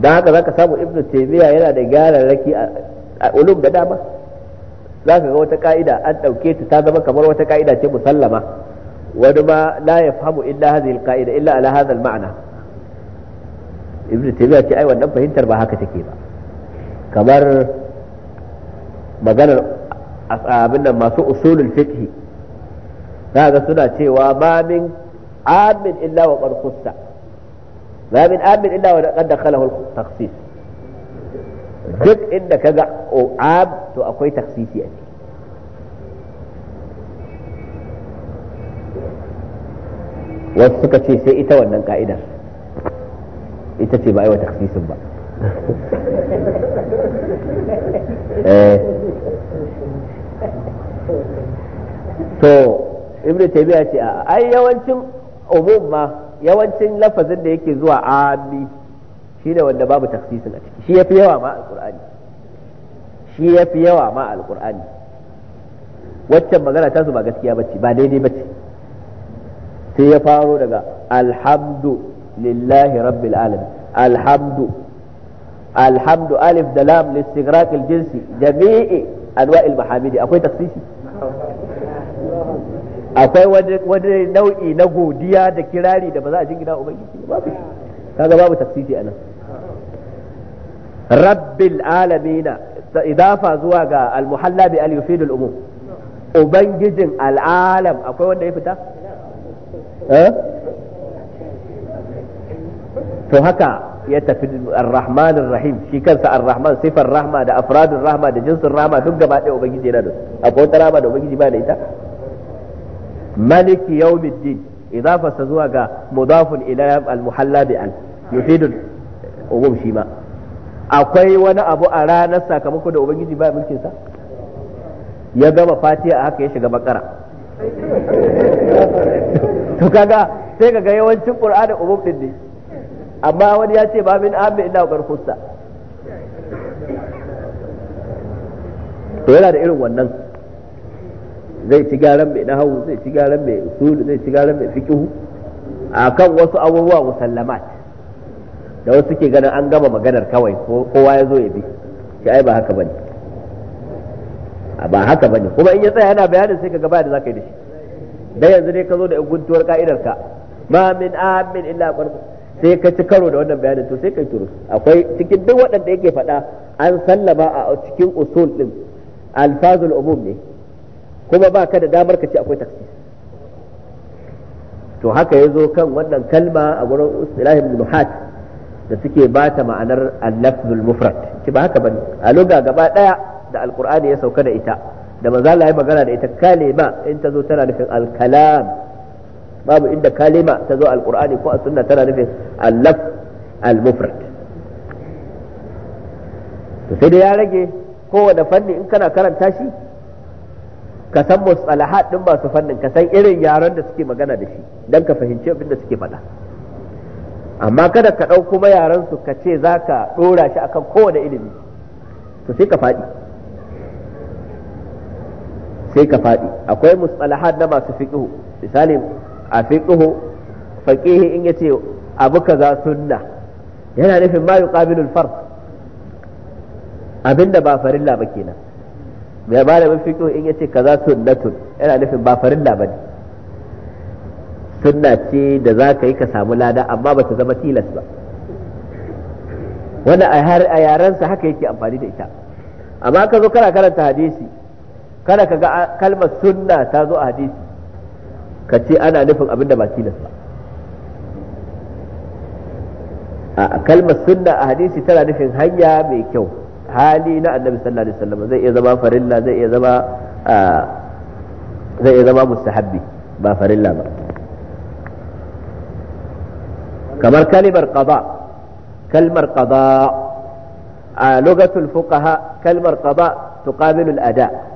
don haka zaka samu ibnu taymiya yana da raki a ulum da dama za ka ga wata ka'ida an ɗauke ta ta zama kamar wata ka'ida ce musallama wani ma la fahimu illa hadhihi ka'ida illa ala hadha ibnu taymiya ce ai wannan fahimtar ba haka take ba kamar maganar abin nan masu usulul fiqh ga suna cewa ma min amin illa wa qad khussa min amin illa wa qad dakhalahu al-takhsis duk inda kaga am to akwai takhsisi a wasu suka ce sai ita wannan ka'idar ita ce ba yi wa taksisin ba eh. to ibn taymiya ce a ai yawancin umum ma yawancin lafazin da yake zuwa ami shi ne wanda babu taksisin a ciki shi ya fi yawa ma alkur'ani shi ya fi yawa ma alkur'ani waccan magana ta su ba gaskiya ce ba daidai ce sai ya faro daga alhamdu lillahi rabbil alamin alhamdu alif da lam listighraq jinsi jami'i anwa'il mahamidi akwai tafsisi akwai wani nau'i na godiya da kirari da ba za a jingina ubangiji babu kaga babu tafsisi anan rabbil alamina idafa zuwa ga almuhalla bi al al'alam akwai wanda ya fita to haka ya tafi ar-rahman ar-rahim shi kansa ar-rahman sifar rahma da afradun rahma da jinsin rahma duk gaba ɗaya ubangiji yana da su akwai wata rahma da ubangiji ba da ita maliki yawmiddin sa zuwa ga mudafun ila al-muhalla bi al yufidu ubum shi ma akwai wani abu a ranar sakamako da ubangiji ba mulkin sa ya gama a haka ya shiga bakara to kaga sai kaga yawancin qur'ani ubum din ne amma wani ya ce ba min amin illa garkusta to yana da irin wannan zai ci garan mai nahawu zai ci garan mai usul zai ci garan mai fiqhu akan wasu abubuwa musallamat da wasu ke ganin an gama maganar kawai kowa ya zo ya bi shi ai ba haka bane ba haka bane kuma in ya tsaya yana bayanin sai ka gaba da zaka yi da shi dai yanzu ne ka zo da guntuwar ka'idar ka ma min amin illa garkusta sai ka ci karo da wannan bayanin to sai kai turus akwai cikin duk waɗanda yake faɗa an sallama a cikin usul din alfazul umum ne kuma ba ka da damar ka ce akwai taksis to haka ya zo kan wannan kalma a gurin istilahin nuhat da suke ba ta ma'anar al-lafzul mufrad ki ba haka bane a lugha gaba daya da alqur'ani ya sauka da ita da manzo Allah ya magana da ita kalima in ta zo tana nufin al-kalam babu inda kalima ta zo alqur'ani ko a sunna tana nufin allaf al-mufrad to sai dai ya rage kowane fanni in kana karanta shi ka san mustalahat din masu fannin ka san irin yaran da suke magana da shi dan ka fahimci abin da suke faɗa amma kada ka ɗau kuma yaran su ka ce za ka ɗora shi akan kowane ilimi to sai ka faɗi sai ka faɗi akwai mustalahat na masu fiqhu misali a fiqhu faqihi in yace abu kaza sunna yana nufin ma yuqabilu al-fard abinda ba farilla ba kenan mai malamin fiqhu in yace kaza sunnatun yana nufin ba farilla ba ne sunna ce da za ka yi ka samu lada amma ba ta zama tilas ba wanda a yarensa haka yake amfani da ita amma ka zo kana karanta hadisi kada ka ga kalmar sunna ta zo a hadisi ka ce ana nufin abin da ba tilas ba a kalmar sunna a hadisi tana nufin hanya mai kyau hali na annabi sallallahu alaihi wasallam zai iya zama farilla zai iya zama zai iya zama mustahabbi ba farilla ba kamar kalimar qada kalmar qada a lugatul fuqaha kalmar qada tuqabilu al-ada'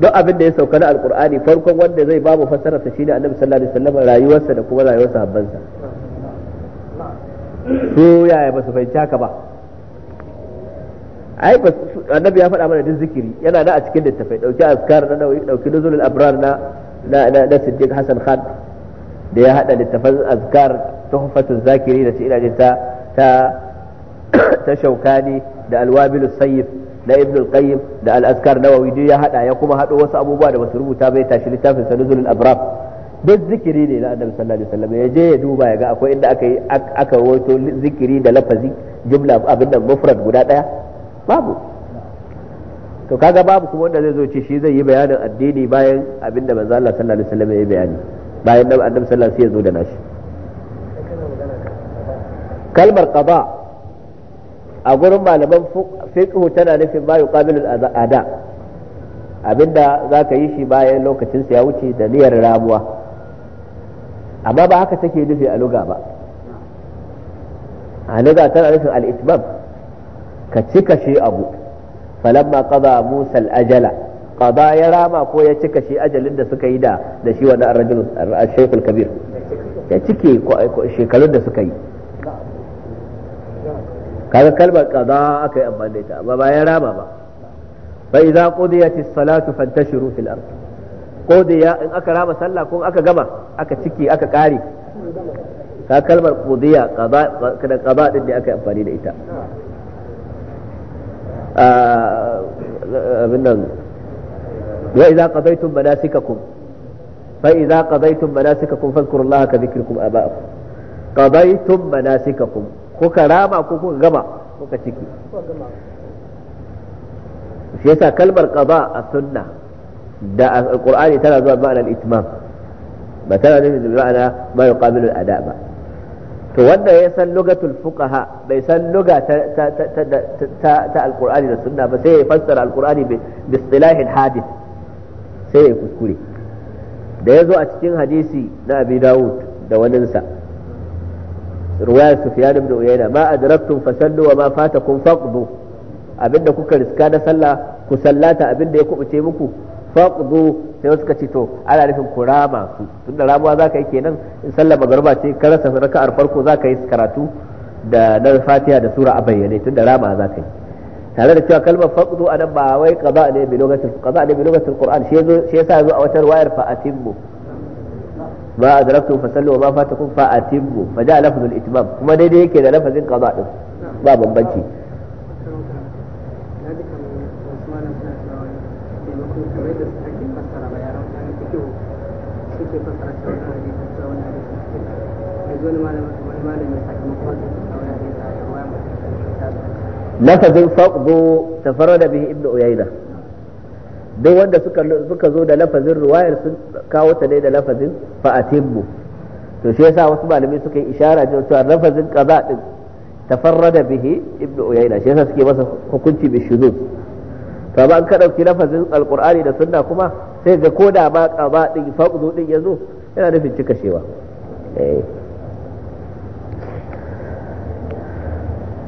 don abin da ya sauka na alkur'ani farkon wanda zai babu fassararsa shine annabi sallallahu alaihi wasallam rayuwarsa da kuma rayuwar sahabbansa su yaya ba su fahimci haka ba ai ba annabi ya faɗa mana duk zikiri yana da a cikin tafai dauki azkar na nawawi dauki nuzulul abrar na na na siddiq hasan khan da ya hada littafan azkar tuhfatu zakiri da ina jinta ta ta shaukani da alwabilus sayyid na ibn al-qayyim da al-azkar nawawi duk ya hada ya kuma hado wasu abubuwa da basu rubuta bai tashi littafin sa al abrar duk zikiri ne na annabi sallallahu alaihi wasallam ya je ya duba ya ga akwai inda aka yi aka wato zikiri da lafazi jumla abin da mufrad guda daya babu to kaga babu kuma wanda zai zo ce shi zai yi bayanin addini bayan abin da manzo Allah sallallahu alaihi wasallam ya bayani bayan annabi sallallahu alaihi wasallam ya zo da nashi kalmar qada a gurin malaman fiqh tana nufin ma yuqabilul ada abinda zaka yi shi bayan lokacin sa ya wuce da niyyar ramuwa amma ba haka take nufi a luga ba a luga tana nufin al-itmam ka cika shi abu falamma qada musa al-ajala qada ya rama ko ya cika shi ajalin da suka yi da da shi wannan ar-rajul shaykh al-kabir ya cike shekarun da suka yi kaga kalmar kaza aka yi amfani da ita ba ya rama ba fa idza qudiyatis salatu fantashiru fil ard qudiya in aka rama sallah ko aka gama aka ciki aka kare ka kalmar qudiya qada kada qada din da aka yi amfani da ita ah, abin nan wa idza qadaytum manasikakum fa idza qadaytum manasikakum fadhkurullaha ka dhikrikum aba'akum qadaytum manasikakum ko ka rama ko kuka gama ko ka ciki shi yasa kalmar qada a sunna da alqur'ani tana zuwa ma'anar itmam ba tana nufin ma'ana ma yuqabilu al-ada ba to wanda ya san lugatul fuqaha bai san luga ta ta alqur'ani da sunna ba sai ya fassara alqur'ani bi istilahin hadith sai ya kuskure da ya zo a cikin hadisi na abi dawud da waninsa ruwaya sufyan ibn uyayna ma adraktum fasallu wa ma fatakum faqdu abinda kuka riska na sallah ku sallata abinda ya kubuce muku faqdu sai suka ce to ana nufin ku rama su tunda ramuwa zaka yi kenan in sallar magarba ce ka rasa raka'ar farko zaka yi karatu da na fatiha da sura a bayyane tunda rama zaka yi tare da cewa kalmar faqdu anan ba wai qada ne bi lugatil qada ne bi lugatil qur'an shi yasa yazo a wata riwayar fa ما أدركتم فسلوا وما فاتكم فأتموا فجاء لفظ الإتمام وما ندري كذا لفظ القضاء نعم. ما من بنتي لفظ فقد تفرد به ابن أيينة duk wanda suka suka zo da lafazin ruwayar sun kawo ta ne da lafazin fa'atimmu to shi yasa wasu malami suka yi ishara da cewa lafazin qaza din tafarrada bihi ibnu uyayna shi yasa suke masa hukunci bi shuzuz to ba an ka dauki lafazin alqur'ani da sunna kuma sai ga koda ba qaza din faqdu din yazo yana nufin cika shewa eh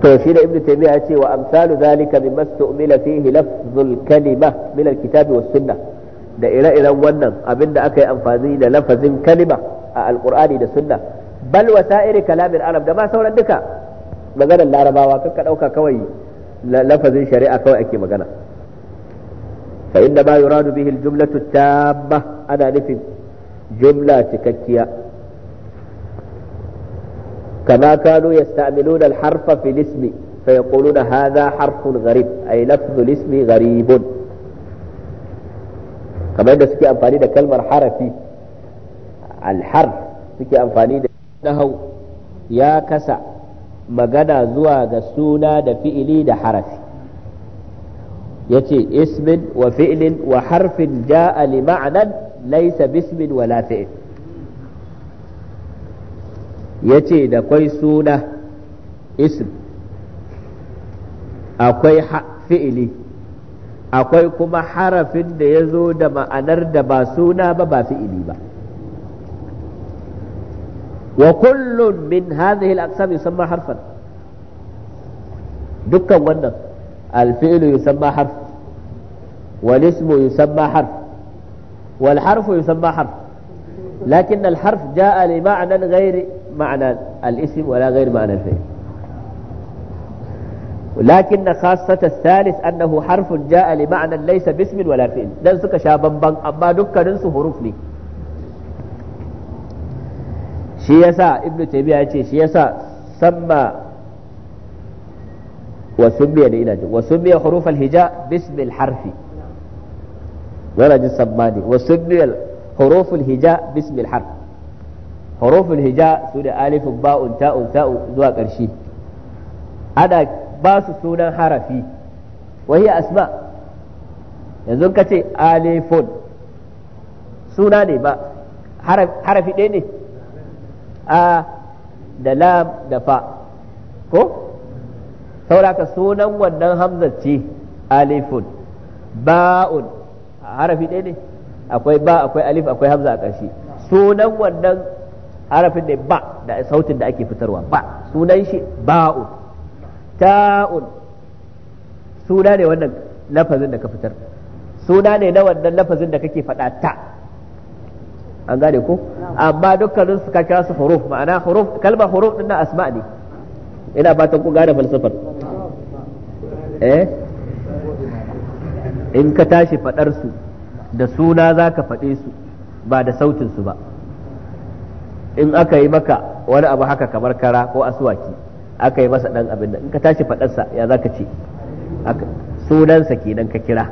to shi da ibnu taymiya ce wa amsalu zalika mimma stu'mila fihi lafzul kalima min alkitabi was sunnah da ire-iren wannan abinda aka yi amfani da lafazin kalima a alqur'ani da sunna bal wasa'iri kalamin arab da ma sauran duka maganar larabawa kan ka dauka kawai lafazin shari'a kawai ake magana fa inda ba yuradu bihi aljumlatu tamma ana nufin jumla cikakkiya كما كانوا يستعملون الحرف في الاسم فيقولون هذا حرف غريب أي لفظ الاسم غريب كما أن سكي أنفاني دا كلمة حرفي الحرف سكي أنفاني دا نهو يا كسع magana zuwa ga suna da fi'ili da harafi yace ismin wa fi'lin wa harfin ja'a li ma'anan laysa bismin wala fi'l yace da kwai suna ism akwai fi'ili akwai kuma harafin da ya zo da ma'anar da ba suna ba ba fi'ili ba wa kullum min hadhihi al-aqsam yusamma harfan dukkan wannan al-fi'lu yusamma harf wal ismu yusamma harf wal harfu yusamma harf lakin al-harf jaa li ma'nan ghairi معنى الاسم ولا غير معنى الفعل ولكن خاصة الثالث أنه حرف جاء لمعنى ليس باسم ولا فعل دان سكا شابان أما دكا ننسو حروف لي شيسا ابن تيمية يقول شيسا سمى وسمي لإلاج وسمي حروف الهجاء باسم الحرف ولا جسماني وسمي حروف الهجاء باسم الحرف huruful hija su da alifin ba'un ta'un ta'un zuwa ƙarshe ana ba su sunan harafi wahi asma yanzu ka alifun suna ne ba harafi ɗaya ne a da lam da fa ko sauraka sunan wannan hamzar ce alifun ba'un harafi ɗaya ne akwai ba akwai alif akwai hamza a ƙarshe sunan wannan harafin ne ba da sautin da ake fitarwa ba sunan shi ba'un ta'un suna ne wannan lafazin da ka fitar suna ne na wannan lafazin da kake faɗa ta an gane ko amma dukkanin su ka kira su huruf ma'ana huruf kalmar huruf din na asma ne ina fatan ku gane falsafar eh in ka tashi faɗar su da suna za ka faɗe su ba da sautin su ba in aka yi maka wani abu haka kamar kara ko asuwaki aka yi masa dan abin nan in ka tashi fadarsa ya zaka ce sunansa kenan ka kira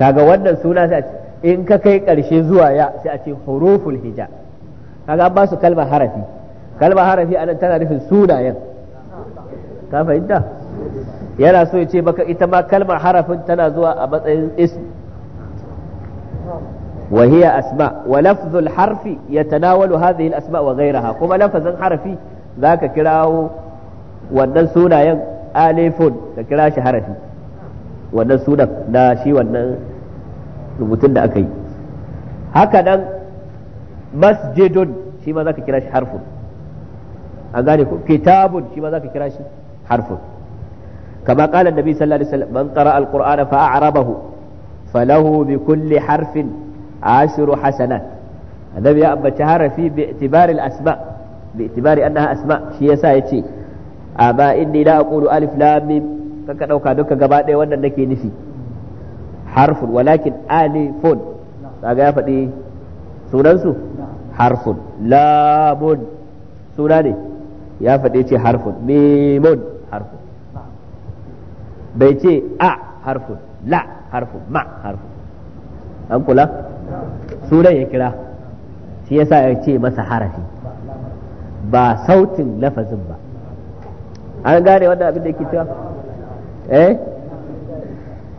kaga wannan suna sai in ka kai karshe zuwa ya sai a ce huruful hija kaga an ba su kalmar harafi kalmar harafi anan tana nufin sunayen ka fahimta yana so ya ce maka ita ma kalmar harafin tana zuwa a matsayin ism وهي أسماء ولفظ الحرف يتناول هذه الأسماء وغيرها كما لفظ حرفي ذاك كراه wannan sunayen alifun ka kira shi wannan sunan na shi wannan rubutun da aka yi haka masjidun shi ma za ka kira shi harfun kitabun shi ma za ka kira shi harfun kama kala falahu harfin ashiru hasanat annabi ya harafi bi itibari al-asma bi itibari annaha asma shi yasa yace aba inni la aqulu alif lam mim kaka dauka duka gaba ɗaya wannan nake nufi harfun walakin alifun ya ne ya mimun bai ce a sunan ya kira shi yasa ya ce masa harafi ba sautin lafazin ba an gane wanda abin da ke cewa eh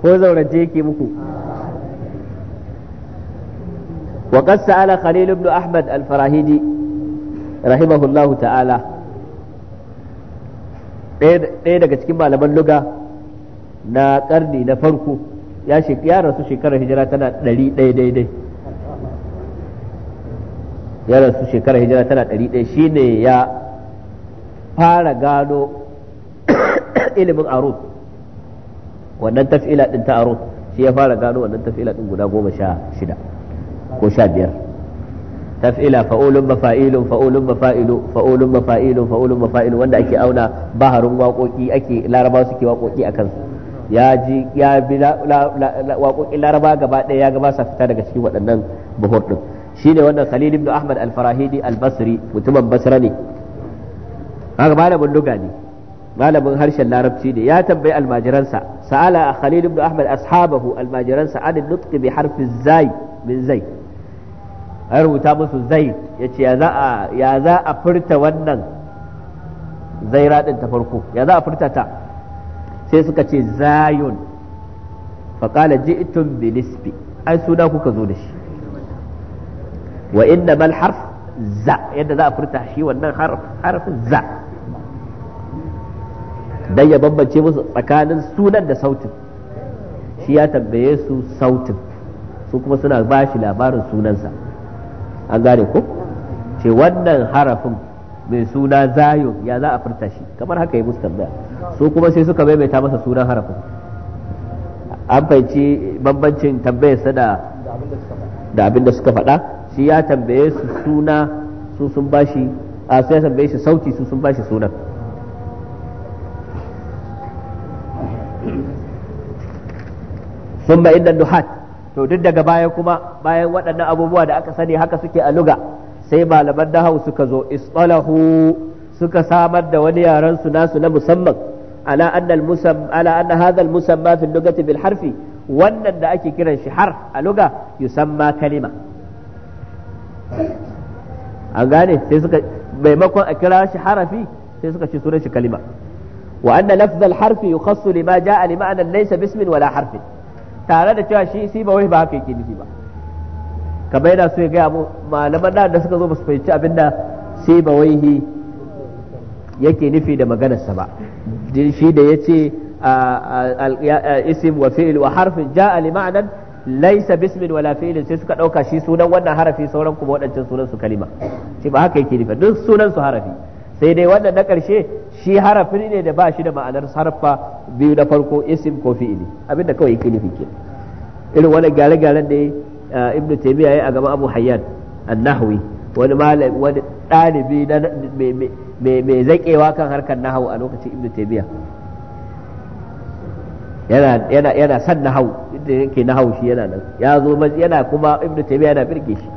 ko zaurace yake muku وقد سأل خليل بن ahmad الفراهيدي رحمه ta'ala ɗaya daga cikin malaman luga na karni na farko ya ya rasu shekarar hijira tana ɗari ɗaya daidai ya rasu shekarar hijira tana ɗari ɗaya shine ya fara gano ilimin arut wannan tafila ɗin ta arut shi ya fara gano wannan tafila ɗin guda goma sha shida ko sha biyar tafila fa'ulun mafa'ilun fa'ulun mafa'ilu fa'ulun mafa'ilun fa'ulun mafa'ilun wanda ake auna baharin waƙoƙi ake larabawa suke waƙoƙi a kansu ya ji ya bi waƙoƙin laraba gaba ɗaya ya gaba sa fita daga cikin waɗannan buhur ɗin shi ne wannan khalil ibn ahmad al-farahidi al-basri mutumin basra ne haka malamin luga ne malamin harshen larabci ne ya tambayi almajiransa sa'ala khalil ibn ahmad ashabahu almajiransa adin nutqi bi harfi zai min zai ya rubuta musu zai yace ya za a ya za a furta wannan zaira ɗin ta farko ya za a furta ta sai suka ce zayun faƙala ji'tum bi nisbi ai suna kuka zo da shi wa inna mal harf za yadda za a furta shi wannan harfin za don ya bambance musu tsakanin sunan da sautin shi ya tambaye su sautin su kuma suna ba shi labarin sunansa an gane ko ce wannan harafin mai suna zayon ya za a furta shi kamar haka ya musu tambaya su kuma sai suka maimaita masa sunan harafin an fahimci bambancin tambayarsa da da abin da suka faɗa shi ya tambaye su suna su sun bashi a su ya tambaye shi sauti su sun bashi sunan sun inda duhat to duk daga baya kuma bayan waɗannan abubuwa da aka sani haka suke a luga sai malaman dahau suka zo istalahu suka samar da wani yaran su nasu na musamman ala anna al-musam ala anna hadha al-musamma fi lugati bil harfi wannan da ake kiran shi har a luga yusamma kalima an gane sai suka maimakon a kira shi harafi sai suka ce sunan shi kalima wa anna lafz al-harfi yukhassu lima jaa li ma'na laysa bismin wala harfin tare da cewa shi si ba wai ba haka yake nufi ba kamar yana so ya ga malaman da suka zo ba su fahimci abinda sai ba wai yake nufi da maganarsa ba shi da ya ce isim wa fi'il wa harfin ja'a li ma'anan laisa bismin wala fi'ilin sai suka dauka shi sunan wannan harafi sauran kuma waɗancan sunan su kalima shi ba haka yake nufi duk sunan su harafi sai dai wannan na karshe shi harafin ne da ba shi da ma'anar harfa biyu na farko isim ko fi'ili abinda kawai yake nufi ke irin wannan gyare-gyaren da eh, ibnu taymiya ya a gama abu hayyan an-nahwi wani malam wani ɗalibi mai zakewa kan harkar nahawu a lokacin ibnu taymiya yana yana yana san nahawu inda yake nahawu shi yana nan ya zo yana kuma ibnu taymiya yana birge shi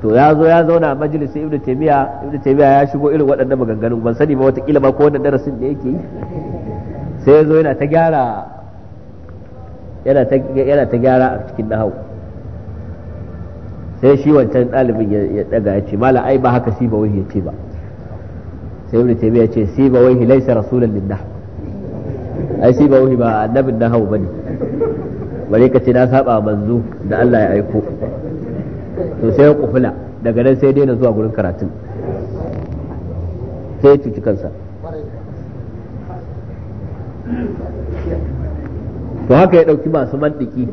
to ya zo ya zauna majalisin ibnu taymiya ibnu taymiya ya shigo irin waɗannan maganganun ban sani ba wata kila ba ko wannan darasin da yake yi sai ya zo yana ta gyara yana ta gyara a cikin nahawu sai shi wancan ɗalibin ya daga ya ce mala ai ba haka siba wahi ya ce ba sai ibn taymiya ce siba wahi laysa rasulan lin ai siba wahi ba annabin hawo bane bare ka ce na saba manzo da Allah ya aiko to sai ya kufula daga nan sai daina zuwa gurin karatun sai ya cuci kansa to haka ya ɗauki masu mantiki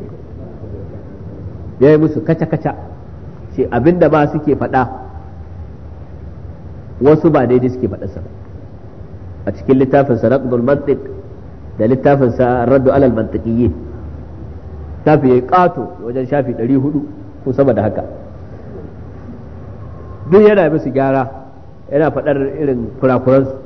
ya yi musu kaca-kaca ce da ba suke faɗa wasu ba daidai suke faɗa sa a cikin littafin sa raqdul mantiq da littafin sa raddu alal mantiqiyyin tafi yayi kato wajen shafi 400 ko sama da haka duk yana musu gyara yana faɗar irin kurakuransu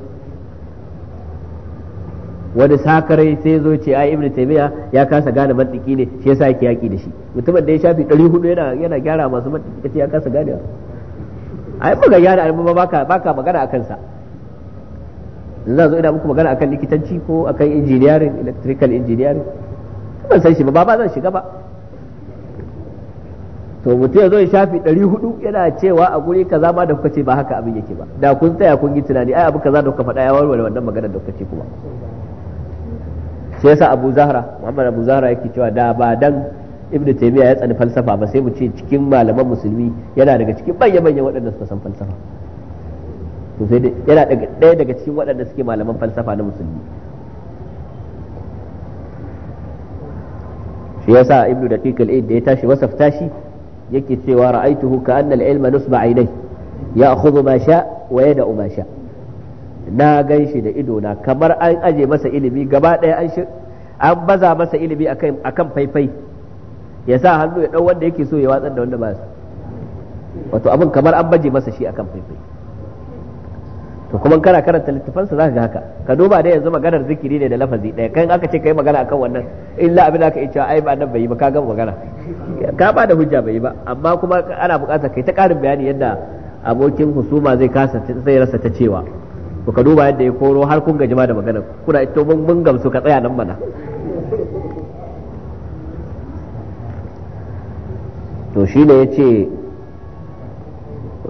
wani sakare sai zo ce ai ibnu taymiya ya kasa gane mantiki ne shi yasa yake yaki da shi mutumin da ya shafi 400 yana yana gyara masu mantiki kace ya kasa gane ai ba gayya da ba baka baka magana akan sa za zo ina muku magana akan likitanci ko akan engineering electrical engineering ban san shi ba ba zan shiga ba to mutum ya zo ya shafi 400 yana cewa a guri kaza ma da kuka ce ba haka abin yake ba da kun tsaya kun yi tunani ai abu kaza da kuka faɗa ya warware wannan magana da kuka ce kuma sai yasa abu zahra muhammad abu zahra yake cewa da ba dan ibn taymiya ya tsani falsafa ba sai mu ce cikin malaman musulmi yana daga cikin manya manya waɗanda suka san falsafa to sai yana ɗaya daga cikin waɗanda suke malaman falsafa na musulmi shi yasa ibnu daqiq al-aid da ya tashi wasafta shi yake cewa ra'aituhu ka anna al-ilma nusba aynai ya'khudhu ma sha wa yada'u ma sha' na gan shi da idona kamar an aje masa ilimi gaba ɗaya an baza masa ilimi akan faifai ya sa hannu ya ɗau wanda yake so ya watsar da wanda ba su wato abin kamar an baje masa shi akan faifai to kuma kana karanta littafansa za ka ga haka ka duba dai yanzu maganar zikiri ne da lafazi ɗaya kan aka ce kai magana akan wannan illa abin aka cewa ai ba nan bai yi ba ka ga magana ka ba da hujja bai yi ba amma kuma ana buƙatar kai ta ƙarin bayani yadda abokin husuma zai kasa zai rasa ta cewa ku ka duba yadda ya koro har kun gaji ma da magana kuna ito mun gamsu ka tsaya nan mana to shi ne ya ce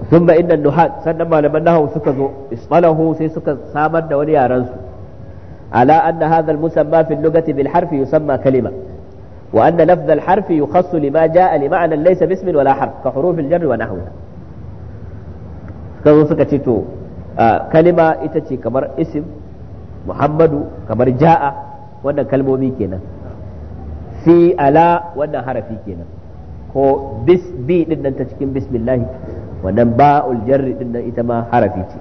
sun ba inda nuhat sannan malaman nahawu suka zo isfalahu sai suka samar da wani yarensu ala anna hadha al-musamma fi al-lughati bil harfi yusamma kalima wa anna lafdh al-harf yukhassu lima jaa li ma'na laysa bi ismin wala harf ka huruf al-jar wa nahwiha suka zo suka ce to Ah, kalima ita ce kamar isim muhammadu kamar ja'a wannan kalmomi kenan fi ala wannan harafi kenan ko bis bi din nan ta cikin bismillahi wannan ba'ul jarri din nan ita ma harafi ce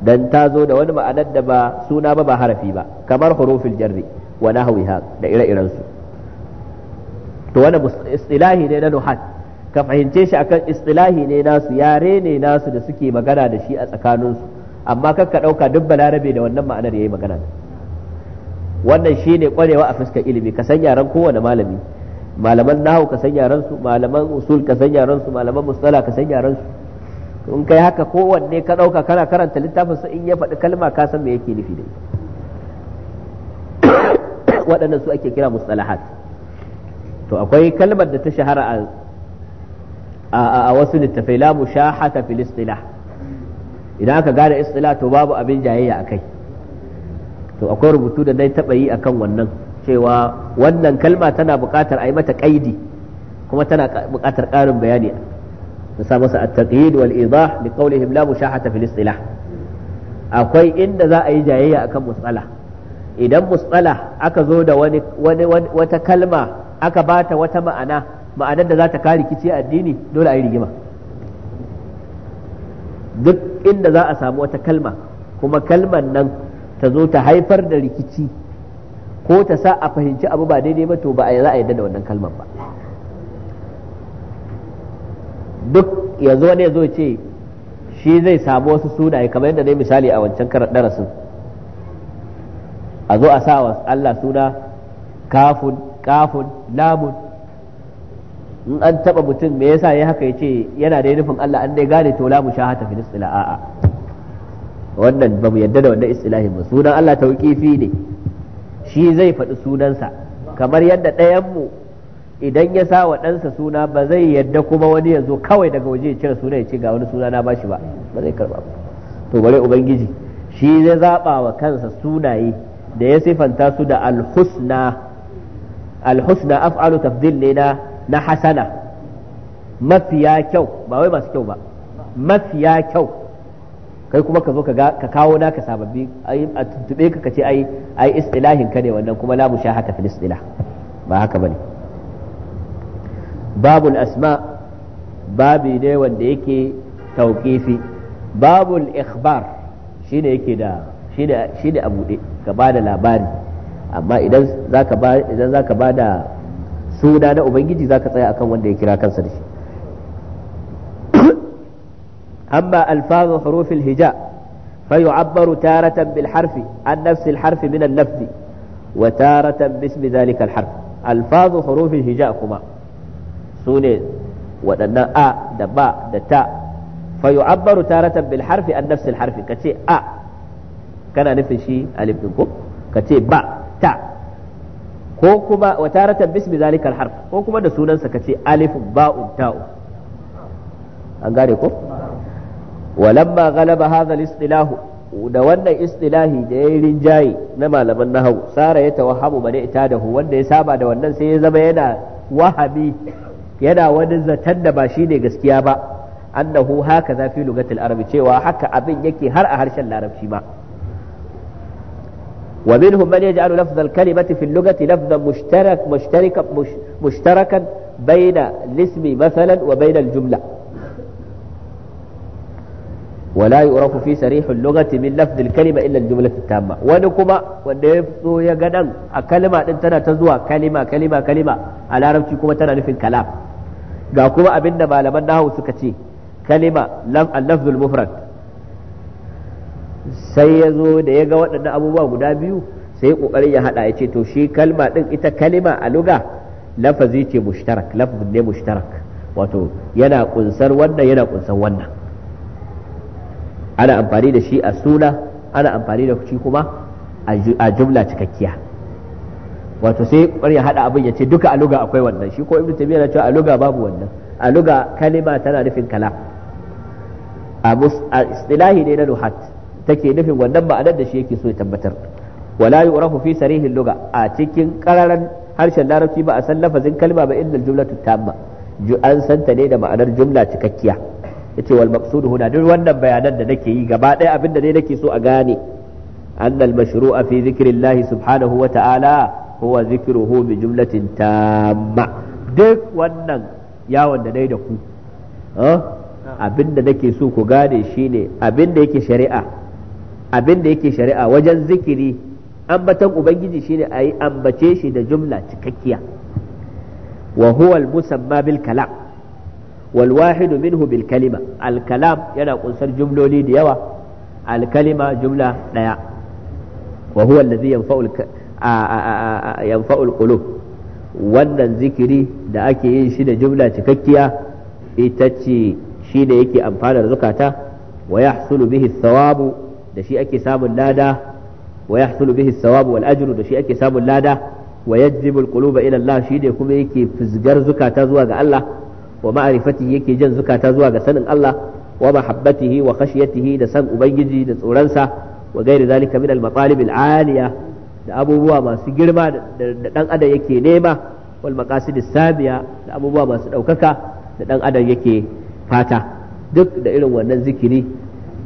dan ta zo da wani ma'anar da ba suna ba ba harafi ba kamar hurufil jarri wa nahwiha da ire-iren su to wannan istilahi ne na nuhat ka fahimce shi akan istilahi ne nasu yare ne nasu da suke magana da shi a tsakaninsu amma kakka ɗauka duk balarabe da wannan ma'anar ya yi magana wannan shi ne kwarewa a fuskar ilimi ka san yaran kowane malami malaman nahu ka san yaran su malaman usul ka san yaran su malaman musala ka san yaran su in kai haka kowanne ka ɗauka kana karanta littafin sa in ya faɗi kalma ka san me yake nufi da ita waɗannan su ake kira mustalahat to akwai kalmar da ta shahara a wasu littafai la mushahata fil istilah idan aka gane istila to babu abin jayayya akai to akwai rubutu da dai taba yi akan wannan cewa wannan kalma tana buƙatar a yi mata kaidi kuma tana buƙatar ƙarin bayani na sa masa at-taqyid wal idah li qawlihim la mushahata fil istilah akwai inda za a yi jayayya akan musala idan musala aka zo da wani wata kalma aka bata wata ma'ana ma'anar da za ta kare kici addini dole a yi rigima duk inda za a samu wata kalma kuma kalman nan ta zo ta haifar da rikici ko ta sa a fahimci abu ba daidai ba to ba za a yarda da wannan kalman ba duk yanzu wani ya zo ce shi zai samu wasu sunaye kamar yadda dai misali a wancan darasin a zo a sa wa Allah suna kafun kafun lamun in an taba mutum me yasa ya haka yace yana da nufin Allah an dai gane to la mushahata fil istila a'a wannan ba mu yadda da wannan istilahi ba sunan Allah tauqifi ne shi zai faɗi sunansa kamar yadda ɗayan mu idan ya sa wa ɗansa suna ba zai yadda kuma wani ya zo kawai daga waje ya cire suna ya ce ga wani suna na bashi ba ba zai karba ba to bare ubangiji shi zai zaɓa wa kansa sunaye da ya sifanta su da alhusna alhusna af'alu tafdil ne na na hasana mafiya kyau ba wai masu kyau ba mafiya kyau kai kuma ka zo ka kawo naka sababbi a tuntube ka kace ai ai istilahin ka ne wannan kuma la haka fil istilah ba haka bane babul asma babi ne wanda yake tauqifi babul ikhbar shine yake da shine shine abude ka bada labari amma idan zaka ba idan zaka bada suna na ubangiji ka tsaya akan wanda ya kira kansa da shi amma alfazu hurufin hija fa yu'abbaru taratan bil harfi an nafsi al harfi min al lafzi wa taratan bismi dhalika al harf alfazu hurufil hija kuma sune waɗannan a da ba da ta fa yu'abbaru taratan bil harfi an nafsi al harfi kace a kana nufin shi alif din ko kace ba ta ko kuma wa taratan bismi zalikal harf ko kuma da sunansa kace alif ba'un ta'u an gane ko walamma ghalaba hadha al-istilah da wannan istilahi da yayi rinjaye na malaman nahawu sara ya tawahhamu bane ita da wanda ya saba da wannan sai ya zama yana wahabi yana wani zaton da ba shi ne gaskiya ba annahu haka zafi lugatul arabi cewa haka abin yake har a harshen larabci ba ومنهم من يجعل لفظ الكلمة في اللغة لفظا مشترك مشتركا مش مشتركا بين الاسم مثلا وبين الجملة ولا يعرف في صريح اللغة من لفظ الكلمة إلا الجملة التامة ونكما ونفسه يقدم الكلمة إن تنا تزوى كلمة كلمة كلمة على عربتي كما تنا نفي الكلام ga kuma abin da malaman nahawu suka ce kalima اللفظ المفرد sai ya zo da ya ga waɗannan abubuwa guda biyu sai ya ƙoƙarin ya haɗa ya ce to shi kalma ɗin ita kalima a luga lafazi ce mushtarak lafazin ne mushtarak wato yana ƙunsar wannan yana ƙunsar wannan ana amfani da shi a suna ana amfani da shi kuma a jumla cikakkiya wato sai ya haɗa abin ya ce duka a luga akwai wannan shi ko ibnu tabiya na cewa a luga babu wannan a luga kalima tana nufin kala a istilahi ne na nuhat take nufin wannan ma'anar da shi yake so ya tabbatar wala yu'rafu fi sarihin lugha a cikin qararan harshen larabci ba a san lafazin kalma ba inna jumlatu tamma an ta ne da ma'anar jumla cikakkiya yace wal maqsudu huna duk wannan bayanan da nake yi gaba ɗaya abin da ne nake so a gane annal mashru'a fi dhikrillahi subhanahu wa ta'ala huwa zikruhu bi jumlatin tamma duk wannan yawon da dai da ku eh, abin da nake so ku gane shine abin da yake shari'a abin da yake shari'a wajen zikiri ambatan ubangiji shine ayi ambace shi da jumla cikakkiya wa huwa musamma bil kalam wal wahid minhu bil kalima al kalam yana kunsar jumloli da yawa al kalima jumla daya wa huwa allazi yanfa'u yanfa'u qulub wannan zikiri da ake yin shi da jumla cikakkiya ita ce shi da yake amfanar zukata wa yahsulu bihi thawabu da shi ake samun lada wa yahsulu bihi sawabu wal ajru da shi ake samun lada wa yajlibu al quluba ila Allah shi ne kuma yake fizgar zukata zuwa ga Allah wa ma'rifatihi yake jan zukata zuwa ga sanin Allah wa mahabbatihi wa khashyatihi da san ubangiji da tsoronsa wa gairi zalika min al matalib al aliya da abubuwa masu girma da dan adam yake nema wal maqasid samiya da abubuwa masu daukaka da dan adam yake fata duk da irin wannan zikiri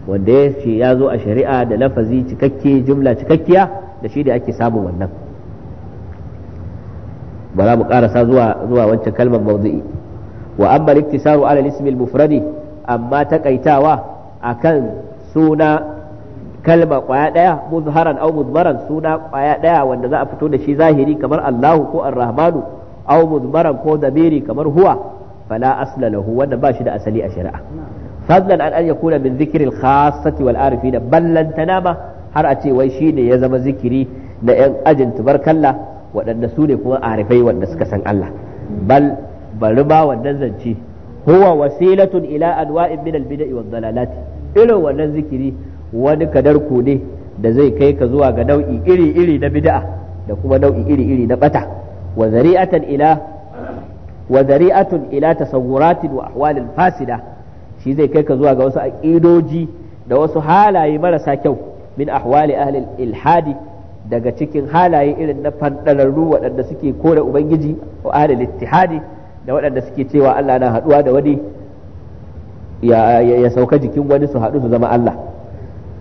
wanda ya ce ya zo a shari'a da lafazi cikakke jumla cikakkiya da shi da ake samun wannan ba za mu karasa zuwa zuwa wancan kalmar mawdu'i wa amma iktisaru ala ismi mufradi amma takaitawa akan suna kalma kwaya daya muzharan au muzmaran suna kwaya daya wanda za a fito da shi zahiri kamar Allahu ko Ar-Rahmanu au muzmaran ko dabiri kamar huwa fala asla lahu wanda ba shi da asali a shari'a fadlan an an yakuna min zikril khassati wal arifin ballantana nama har a ce wai shine ya zama zikiri na yan ajin tubarkalla waɗanda su ne kuma arifai wanda suka san Allah bal bari ba wannan zance huwa wasilatun ila anwa'in min al-bida'i wad irin wannan zikiri wani kadarku ne da zai kai ka zuwa ga nau'i iri-iri na bid'a da kuma nau'i iri-iri na bata wa zari'atan ila wa zari'atun ila tasawwuratin wa ahwalin fasida shi zai kai ka zuwa ga wasu aƙidoji da wasu halaye marasa kyau min ahwali ahli ilhadi daga cikin halaye irin na fandararru waɗanda suke kore ubangiji wa ahli ittihadi da waɗanda suke cewa Allah na haɗuwa da wani ya sauka jikin wani su haɗu su zama Allah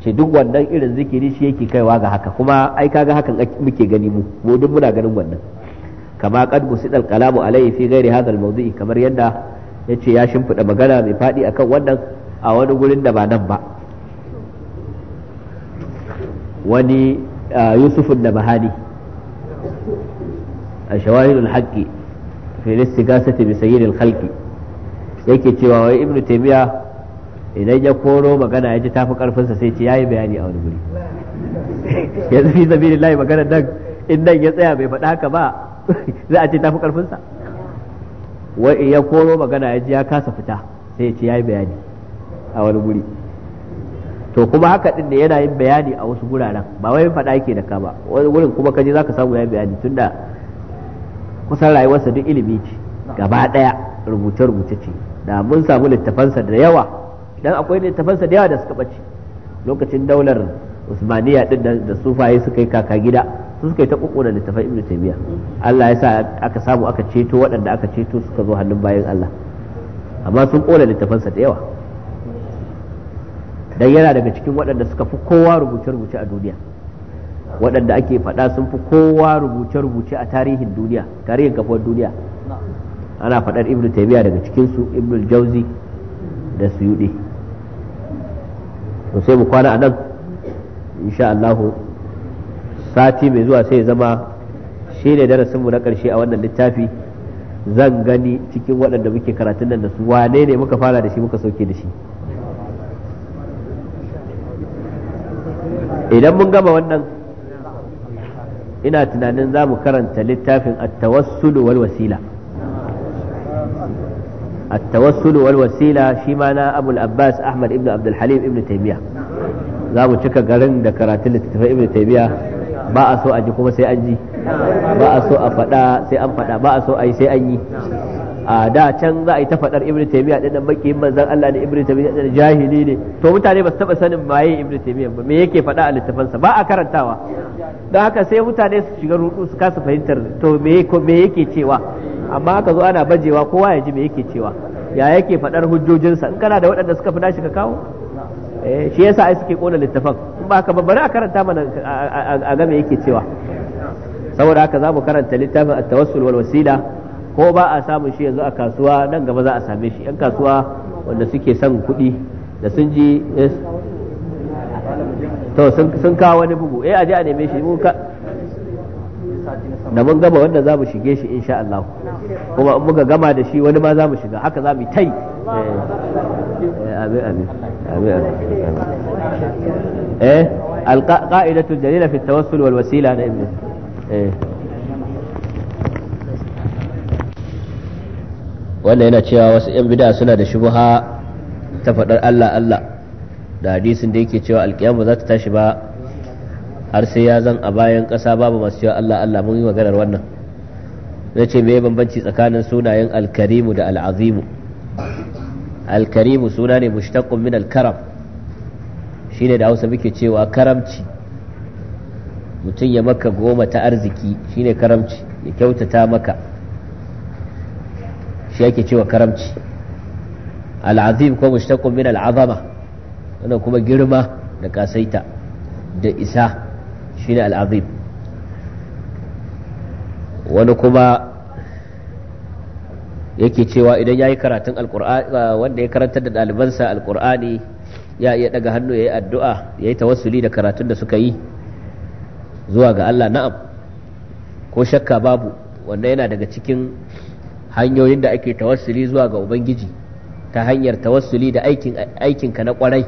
ce duk wannan irin zikiri shi yake kaiwa ga haka kuma ai kaga hakan muke gani mu mu duk muna ganin wannan kama qad musidal kalamu alayhi fi ghairi hadha al kamar yadda ya ce ya shimfiɗa magana mai fadi akan wannan a wani gurin da ba nan ba wani yusufun da bahani a shawahidul haqqi filis istighasati bi sayyidil khalqi yake cewa wai ibnu taimiyya idan ya koro magana ya ji tafi karfinsa sai ce ya yi bayani a wani guri yanzu fi sabilillahi magana nan in nan ya tsaya bai faɗa haka ba za a ce tafi karfinsa wai ya koro magana ya ji ya kasa fita sai ya ce ya yi bayani a wani guri to kuma haka din da yana yin bayani a wasu guraren ba wai faɗa yake da ka ba wani gurin kuma kaje zaka samu ya yi bayani da kusan rayuwarsa duk ilimi ce gaba ɗaya rubuce-rubuce ce da mun samu littafansa da yawa dan akwai littafansa da yawa da suka ɓace lokacin daular usmaniya din da sufaye suka yi kaka gida su suka yi ta da littafai ibnu taymiya Allah ya sa aka samu aka ceto waɗanda aka ceto suka zo hannun bayan Allah amma sun kona littafansa da yawa dan yana daga cikin waɗanda suka fi kowa rubuce rubuce a duniya waɗanda ake faɗa sun fi kowa rubuce rubuce a tarihin duniya tarihin kafuwar duniya ana faɗar ibnu taymiya daga cikin su ibnu jauzi da suyudi to sai mu kwana a nan insha Allah sati mai zuwa sai ya zama shi ne darasinmu na ƙarshe a wannan littafi zan gani cikin waɗanda muke karatun nan da su wane ne muka fara da shi muka sauke da shi idan mun gama wannan ina tunanin za mu karanta littafin attawassulu wal wasila shi والوسيلة شيمانا أبو العباس أحمد ابن عبد الحليم ابن za mu cika garin da karatun littattafai ابن تيمية ba a so a ji kuma sai an ji ba a so a faɗa sai an faɗa ba a so a yi sai an yi a da can za a yi ta faɗar ibn taymiya dinnan baki manzon Allah ne ibn taymiya dinnan jahili ne to mutane ba su taba sanin maye ibn taymiya ba me yake faɗa a sa ba a karantawa don haka sai mutane su shiga rudu su kasa fahimtar to me yake cewa amma aka zo ana bajewa kowa ya ji me yake cewa ya yake faɗar hujjojinsa in kana da waɗanda suka fi shi ka kawo eh, shi yasa ai suke kona littafan ba ka ba bari a karanta mana a game yake cewa saboda haka za mu karanta littafin a tawassul wal wasila ko ba a samun shi yanzu a kasuwa nan gaba za a same shi yan kasuwa wanda suke son kuɗi da sun ji eh, to sun kawo wani bugu eh aje a neme shi mu ka da mun gama wanda za mu shige shi insha Allah kuma in muka gama da shi wani ma za mu shiga haka za mu yi tai eh الجليلة في التوسل والوسيلة wal wasila wanda yana cewa wasu yan bid'a suna da shubha ta faɗar Allah Allah da hadisin da yake cewa alkiyama za ta tashi ba har sai ya zan a bayan ƙasa babu masu cewa Allah Allah mun yi maganar wannan na ce me bambanci tsakanin sunayen alkarimu da al'azimu alkarimu suna ne mushtaqqun min alkaram shine da Hausa muke cewa karamci mutum ya maka goma ta arziki shine karamci ya kyautata maka shi yake cewa karamci al'azim ko mushtaqqun min al'azama wannan kuma girma da kasaita da isa shine al'azim wani kuma yake cewa idan ya yi karatun alqur'ani ah, wanda ya karantar da ɗalibansa alqur'ani ya iya daga hannu yayi addu'a yayi tawassuli da karatun da suka yi zuwa ga Allah na'am ko shakka babu wanda yana daga cikin hanyoyin da ake tawassuli zuwa ga ubangiji ta hanyar tawassuli da aikin aikinka na kwarai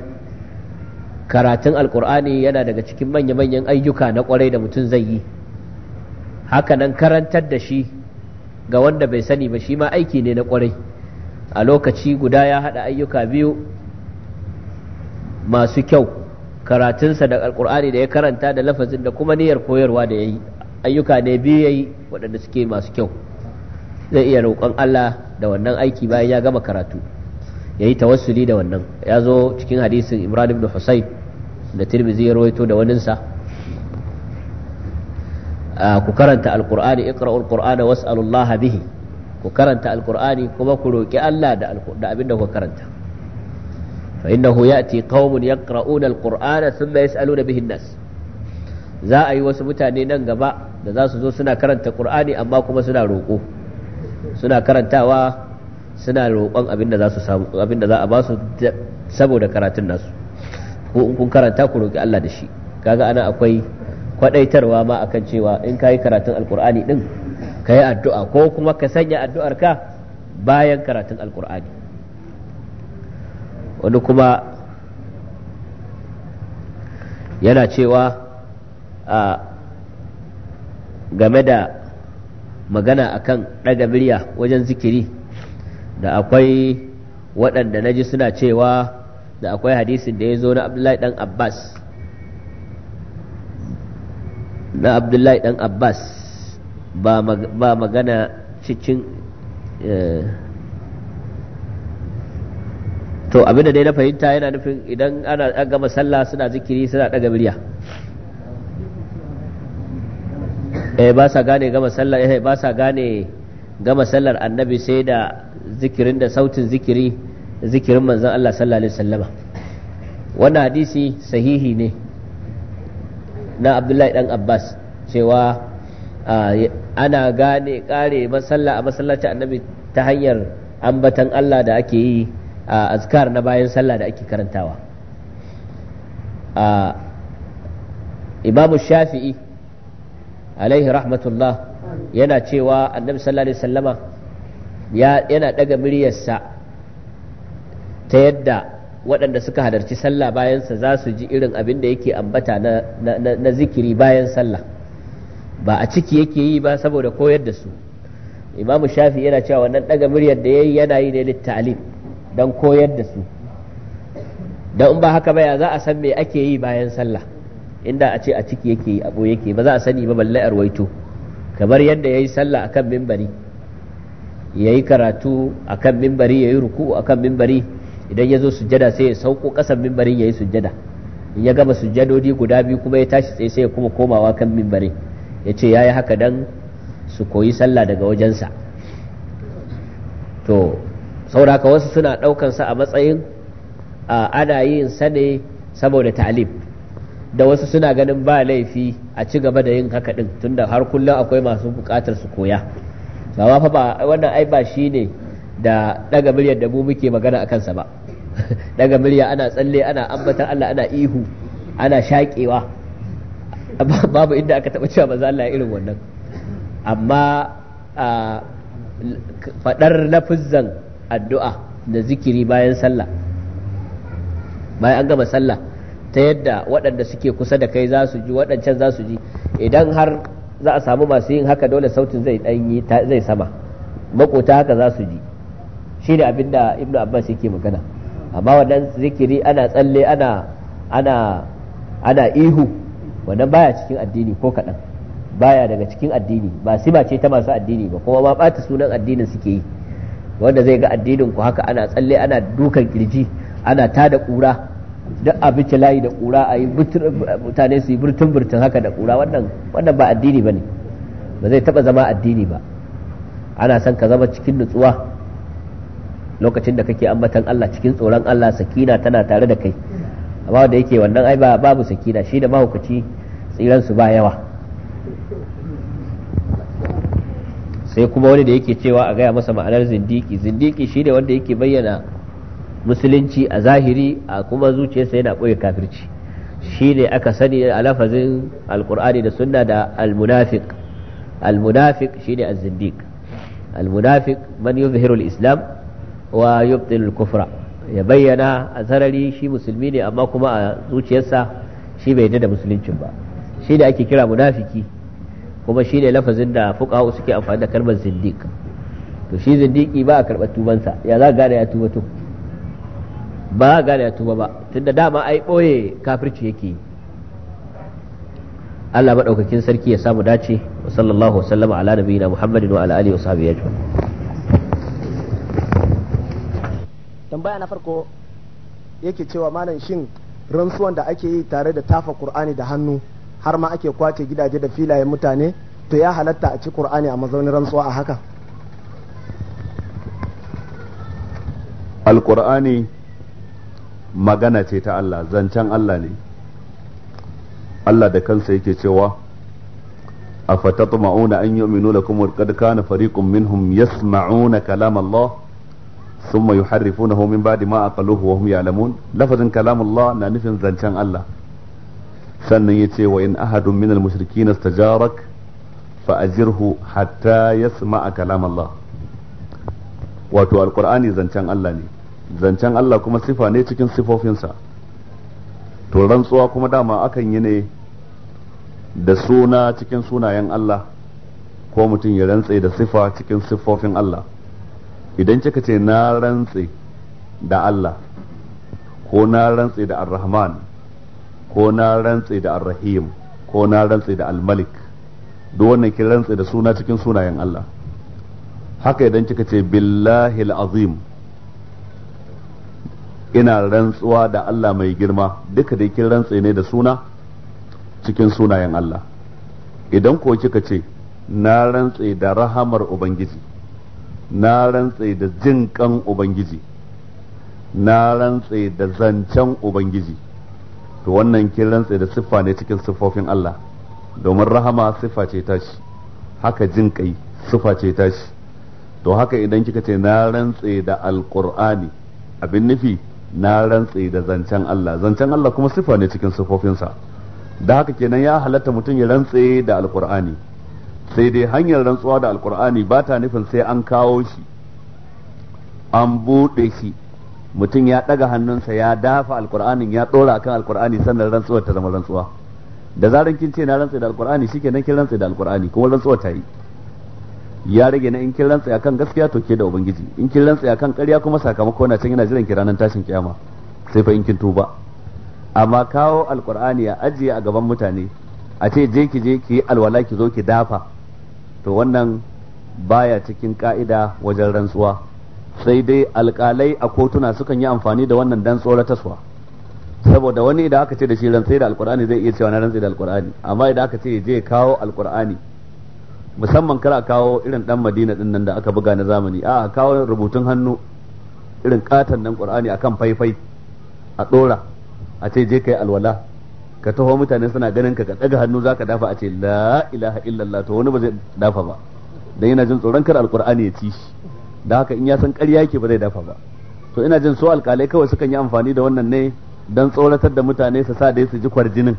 karatun alkur'ani yana daga cikin manya-manyan ayyuka na kwarai da mutum zai yi hakanan karantar da shi ga wanda bai sani ba shi ma aiki ne na kwarai a lokaci guda ya haɗa ayyuka biyu masu kyau karatunsa da alkur'ani da ya karanta da lafazin da kuma niyyar koyarwa da ya yi ayyuka ne biyu ya yi waɗanda suke masu kyau zai iya roƙon Allah da wannan aiki bayan ya gama karatu ya yi tawassuli da wannan ya zo cikin hadisin imran ibn husayn da tirmidhi ya rawaito da waninsa ku karanta alqur'ani iqra'ul qur'ana was'alullaha bihi ku karanta alqur'ani kuma ku roki Allah da abin da ku karanta fa innahu ya'ti qaumun yaqra'una alqur'ana thumma yas'aluna bihi an-nas za a yi wasu mutane nan gaba da za su zo suna karanta qur'ani amma kuma suna roko suna karantawa suna roƙon abin da za su samu abin za a ba su saboda karatun nasu ko in kun karanta ku roƙi Allah da shi kaga ana akwai kwadaitarwa ma akan cewa in ka yi karatun alkur'ani ɗin, ka yi addu'a ko kuma ka sanya addu'ar ka bayan karatun alkur'ani wani kuma yana cewa a game da magana akan ɗaga birya wajen zikiri da akwai waɗanda na ji suna cewa da akwai hadisin da ya zo na abdullahi ɗan abbas na abdullahi dan abbas ba magana cikin eh, to abin da dai na fahimta yana nufin idan ana gama sallah suna zikiri suna daga murya eh ba sa gane gama sallar eh ba sa gane gama sallar annabi sai da zikirin da sautin zikiri zikirin manzon Allah sallallahu alaihi wasallama wannan hadisi sahihi ne na abdullahi dan abbas cewa ana gane kare masalla a masallaci annabi ta hanyar ambatan allah da ake yi a azkar na bayan sallah da ake karantawa imamu shafi'i alaihi rahmatullah yana cewa annabi sallallahu alaihi sallama yana daga muryarsa ta yadda waɗanda suka halarci sallah bayansa za su ji irin abin da yake ambata na, na, zikiri bayan sallah ba a ciki yake yi ba saboda koyar da su imamu shafi yana cewa wannan ɗaga muryar da ya yi yana yi ne littalim don koyar da su don in ba haka ba ya za a san me ake yi bayan sallah inda a ce a ciki yake yi abu yake ba za a sani ba balle arwaito kamar yadda ya yi sallah akan mimbari ya yi karatu akan mimbari ya yi ruku akan mimbari idan ya zo sujjada sai ya sauko kasan mimbarin ya yi sujjada in ya gama sujjadodi guda biyu kuma ya tashi tsaye sai ya kuma komawa kan mimbarin ya ce ya yi haka dan su koyi sallah daga wajensa to sauraka wasu suna ɗaukansa a matsayin ana yin sa ne saboda talib da wasu suna ganin ba laifi a ci gaba da yin haka din tunda har kullum akwai masu bukatar su koya ba ba wannan ai ba shi da daga miliyan da mu muke magana a kansa ba daga murya ana tsalle ana ambatar Allah ana ihu ana shaƙewa babu inda aka taɓa cewa maza Allah irin wannan amma faɗar lafuzzan addu'a da zikiri bayan sallah bayan an gama sallah ta yadda waɗanda suke kusa da kai za su ji waɗancan za su ji idan har za a samu masu yin haka dole sautin zai sama makota haka za su ji shine da ibnu abbas yake magana amma wannan zikiri ana tsalle ana ana ana ihu wannan baya cikin addini ko kaɗan baya daga cikin addini ba sima ce ta masu addini ba kuma ma ɓata sunan addinin suke yi wanda zai ga addinin ku haka ana tsalle ana dukan kirji ana tada da ƙura duk abinci layi da ƙura a yi mutane su yi burtun burtun haka da ƙura wannan wannan ba addini ba ne ba zai taɓa zama addini ba ana san ka zama cikin nutsuwa lokacin da kake ambatan Allah cikin tsoron Allah sakina tana tare da kai amma da yake wannan ai babu sakina shi da mahaukaci tsiran su ba yawa sai kuma wani da yake cewa a gaya masa ma'anar zindiki zindiki shi ne wanda yake bayyana musulunci a zahiri a kuma zuciyarsa yana ɓoye kafirci shi ne aka sani a lafazin alkur'ani da sunna da almunafik almunafik shi ne az almunafik man yuzhiru islam wa yubtil kufra ya bayyana a sarari shi musulmi ne amma kuma a zuciyarsa shi bai yarda da musuluncin ba shi da ake kira munafiki kuma shi ne lafazin da fuqahu suke amfani da kalmar zindik to shi zindiki ba a karɓar tubansa ya za gane ya tuba to ba a gane ya tuba ba tunda dama ai ɓoye kafirci yake yi Allah maɗaukakin sarki ya samu dace wa sallallahu wasallama ala nabiyina Muhammadin wa ala alihi wa sahbihi tambaya na farko yake cewa malam shin rantsuwan da ake yi tare da tafa kur'ani da hannu har ma ake kwace gidaje da filayen mutane to ya halatta a ci qur'ani a mazaunin rantsuwa a haka alqur'ani magana ce ta Allah zancen Allah ne Allah da kansa yake cewa afatatma'una an yu'minu lakum qad kana fariqun minhum yasma'una kalam Allah thumma yuharrifunahu min ba'di ma aqaluhu wa hum ya'lamun lafazin kalamullah na nufin zancen Allah sannan ya yace wa in ahadun min al-mushrikeena istajarak fa ajirhu hatta yasma'a kalam wato alqur'ani zancen Allah ne zancen Allah kuma sifa ne cikin sifofinsa to rantsuwa kuma dama akan yi ne da suna cikin sunayen Allah ko mutum ya rantse da sifa cikin sifofin Allah idan kika ce na rantse da Allah ko na rantse da Ar-Rahman ko na rantse da Ar-Rahim ko na rantse da Al-Malik duk wannan kin rantse da suna cikin sunayen Allah haka idan kika ce billahi azim ina rantsuwa da Allah mai girma duka dai kin rantse ne da suna cikin sunayen Allah idan ko kika ce na rantse da rahamar ubangiji na rantse da jin kan ubangiji na rantse da zancen ubangiji to wannan kin rantse da siffa ne cikin siffofin Allah domin rahama siffa ce tashi haka jin kai siffa ce tashi to haka idan kika ce na rantse da Alƙur'ani abin nufi na rantse da zancen Allah zancen Allah kuma siffa ne cikin siffofinsa da haka kenan ya halatta mutum ya rantse da Alƙur'ani. sai dai hanyar rantsuwa da alkur'ani ba ta nufin sai an kawo shi an buɗe shi mutum ya ɗaga hannunsa ya dafa alkur'anin ya ɗora akan alkur'ani sannan rantsuwar ta zama rantsuwa da zaran kin ce na rantsa da alkur'ani nan kin rantsa da alkur'ani kuma rantsuwa ta yi ya rage na in kin rantsa akan gaskiya to ke da ubangiji in kin rantsa akan ƙarya kuma sakamako na can yana jiran ki ranar tashin kiyama sai fa in kin tuba amma kawo alkur'ani ya ajiye a gaban mutane a ce je ki je ki yi alwala ki zo ki dafa to wannan baya cikin ka'ida wajen rantsuwa sai dai alkalai a kotuna sukan yi amfani da wannan dan tsoratarwa saboda wani idan aka ce da shi rantsai da alkur'ani zai iya cewa na rantsai da alkur'ani amma idan aka ce je kawo alkur'ani musamman kar a kawo irin dan madina din nan da aka buga na zamani a kawo rubutun hannu irin katon nan qur'ani akan faifai a dora a ce je kai alwala ka taho mutane suna ganin ka ka daga hannu zaka dafa a ce la ilaha illallah to wani ba zai dafa ba dan yana jin tsoron kar alqur'ani ya ci shi da haka in ya san ƙarya yake ba zai dafa ba to ina jin su alƙalai kawai sukan yi amfani da wannan ne dan tsoratar da mutane su sa dai su ji kwarjinin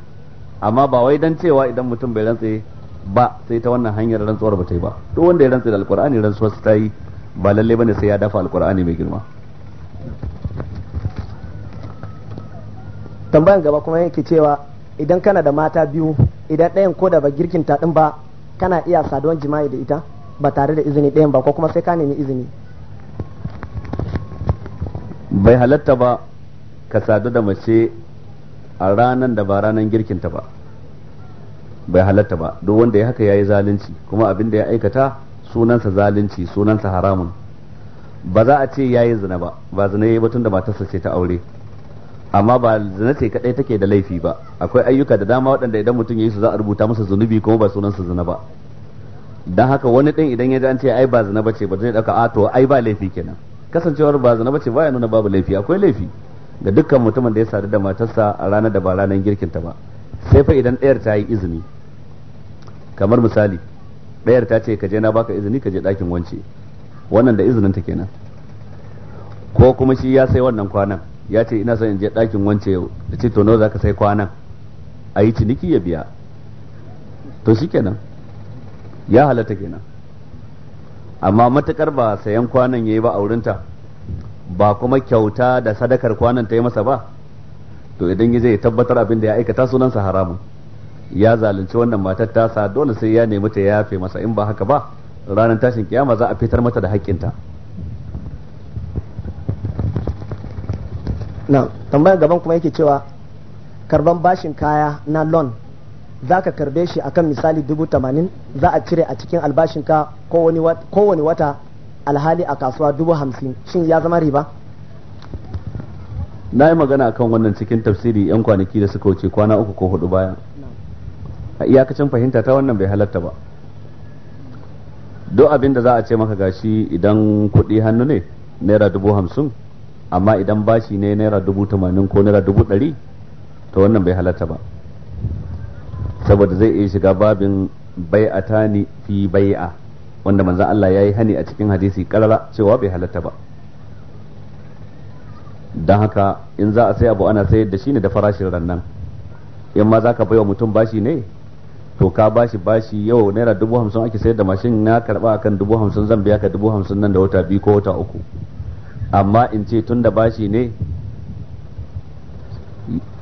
amma ba wai dan cewa idan mutum bai rantse ba sai ta wannan hanyar rantsuwar ba ta yi ba duk wanda ya rantse da alqur'ani rantsuwar ta yi ba lalle bane sai ya dafa alkur'ani mai girma tambayan gaba kuma yake cewa idan kana da mata biyu idan ɗayan ko da ba girkin ta ɗin ba kana iya saduwan jima'i da ita ba tare da izini ɗayan ba ko kuma sai ka nemi izini bai halatta ba ka sadu da mace a ranan da ba ranan girkinta ba bai halatta ba duk wanda ya haka yayi zalunci kuma abin da ya aikata sunansa zalunci sunansa haramun ba za a ce yayi zina ba ba zina yayi ba tun da matarsa ce ta aure amma ba zina ce kadai take da laifi ba akwai ayyuka da dama waɗanda idan mutum ya yi su za a rubuta masa zunubi kuma ba sunan su zina ba dan haka wani ɗin idan ya ji an ce ai ba zina bace ba zai dauka a to ai ba laifi kenan kasancewar ba zina bace ba ya nuna babu laifi akwai laifi ga dukkan mutumin da ya sadu da matarsa a ranar da ba ranar girkin ta ba sai fa idan ɗayar ta yi izini kamar misali ɗayar ta ce ka je na baka izini ka je ɗakin wance wannan da izinin ta kenan ko kuma shi ya sai wannan kwanan ya ce ina son in je ɗakin wance yau da ce to nawa ka sai kwanan a yi ciniki ya biya to kenan ya halatta kenan amma matukar ba sayan kwanan ya yi ba a wurinta ba kuma kyauta da sadakar kwanan ta yi masa ba to idan ya zai tabbatar abin da ya aikata sunansa haramun ya zalunci wannan matar tasa dole sai ya nemi ta yafe masa in ba haka ba ranar tashin kiyama za a fitar mata da haƙƙinta na tambayar gaban kuma yake cewa karban bashin kaya na loan za ka karbe shi akan misali dubu tamanin za a cire a cikin albashinka kowane wata alhali a kasuwa dubu hamsin shin ya zama riba na yi magana akan wannan cikin tafsiri yan kwanaki da suka wuce kwana uku ko hudu baya a iyakacin fahimta ta wannan bai halatta ba duk abin da za a ce maka gashi idan kuɗi hannu ne naira dubu hamsin amma idan bashi ne naira dubu tamanin ko naira dubu ɗari to wannan bai halatta ba saboda zai iya shiga babin ni fi bai'a wanda manzan Allah ya yi hani a cikin hadisi karara cewa bai halatta ba don haka in za a sai abu ana sayar da shi ne da farashin rannan in ma za ka baiwa mutum bashi ne to ka bashi bashi yau naira dubu hamsin ake sayar da mashin na karba akan dubu hamsin zan biya ka dubu hamsin nan da wata biyu ko wata uku amma in ce tun da bashi ne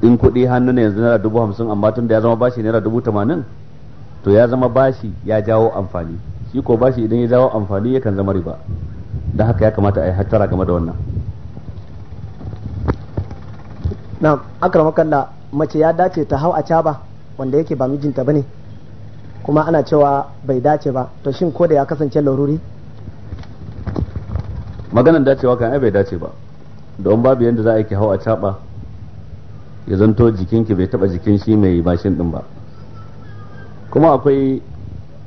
in kuɗi hannu ne yanzu naira dubu hamsin amma tun da ya zama bashi naira dubu tamanin to ya zama bashi ya jawo amfani shi ko bashi idan ya jawo amfani yakan zama riba da haka ya kamata a yi hattara game da wannan na da mace ya dace ta hau a caba wanda yake ba mijinta ba ne kuma ana cewa bai dace ba to shin ko da ya kasance laruri maganan dacewa kan ai bai dace ba don babu yadda za a yi hau a caba ya zanto jikinki bai taba jikin shi mai mashin ɗin ba kuma akwai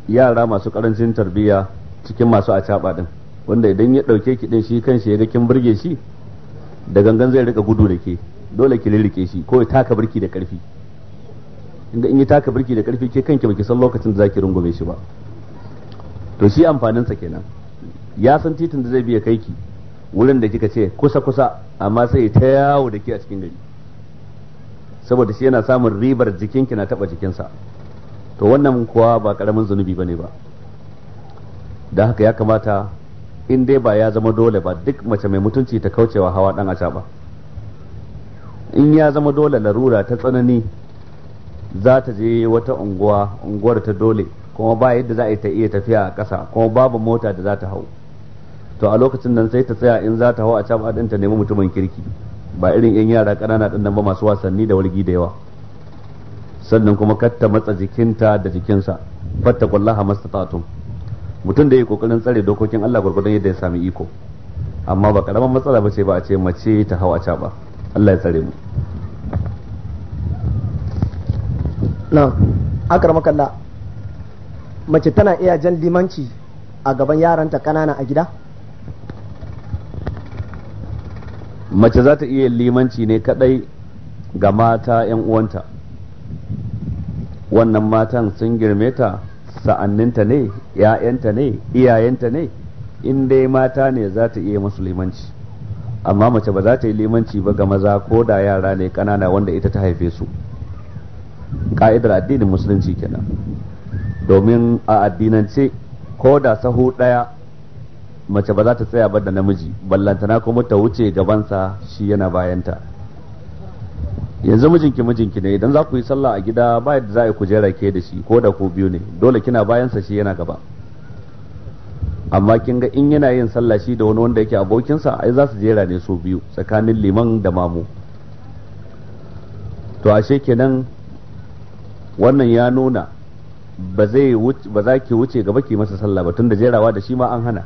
yara masu karancin tarbiyya cikin masu a caba din wanda idan ya dauke ki din shi kanshi ya ga kin burge shi da gangan zai rika gudu da ke dole ki lirike shi ko ya taka birki da karfi inda in ya taka birki da karfi ke kanki baki san lokacin da zaki rungume shi ba to shi amfaninsa kenan ya san titin da zai biya kai ki wurin da kika ce kusa kusa amma sai ta yawo da ke a cikin gari saboda shi yana samun ribar jikinki na taba jikinsa to wannan kuwa ba karamin zunubi bane ba da haka ya kamata in dai ba ya zama dole ba duk mace mai mutunci ta kaucewa hawa dan aca ba in ya zama dole larura ta tsanani za ta je wata unguwa unguwar ta dole kuma ba yadda za a ta iya tafiya a ƙasa kuma babu mota da za ta hau to a lokacin nan sai ta tsaya in za ta hau a caba ɗinta nemi mutumin kirki ba irin yan yara ƙanana ɗin nan ba masu wasanni da wargi da yawa sannan kuma katta matsa jikinta da jikinsa masta mastata'tum mutum da yake kokarin tsare dokokin Allah gurgurdan yadda ya sami iko amma ba karaman matsala ba ce ba a ce mace ta hau a caba Allah ya tsare mu na akar makalla mace tana iya jan limanci a gaban yaranta ƙanana a gida mace za ta iya limanci ne kadai ga mata 'yan uwanta wannan matan sun girme ta sa'anninta ne ‘ya'yanta ne iyayenta ne in dai mata ne za ta iya masu limanci amma mace ba za ta yi limanci ba ga maza ko da yara ne kanana wanda ita ta haife su ka'idar addinin musulunci kenan domin a addinance ko da sahu ɗaya mace ba za ta tsaya ba da namiji ballantana kuma ta wuce gabansa shi yana bayanta yanzu mijinki mijinki ne idan za ku yi sallah a gida ba yadda za a yi kujera ke da shi ko da ku biyu ne dole kina bayansa shi yana gaba amma kin ga in yana yin sallah shi da wani wanda yake abokinsa ai za su jera ne su biyu tsakanin liman da mamu to ashe kenan wannan ya nuna ba za ki wuce gaba ki masa sallah ba tun da jerawa da shi ma an hana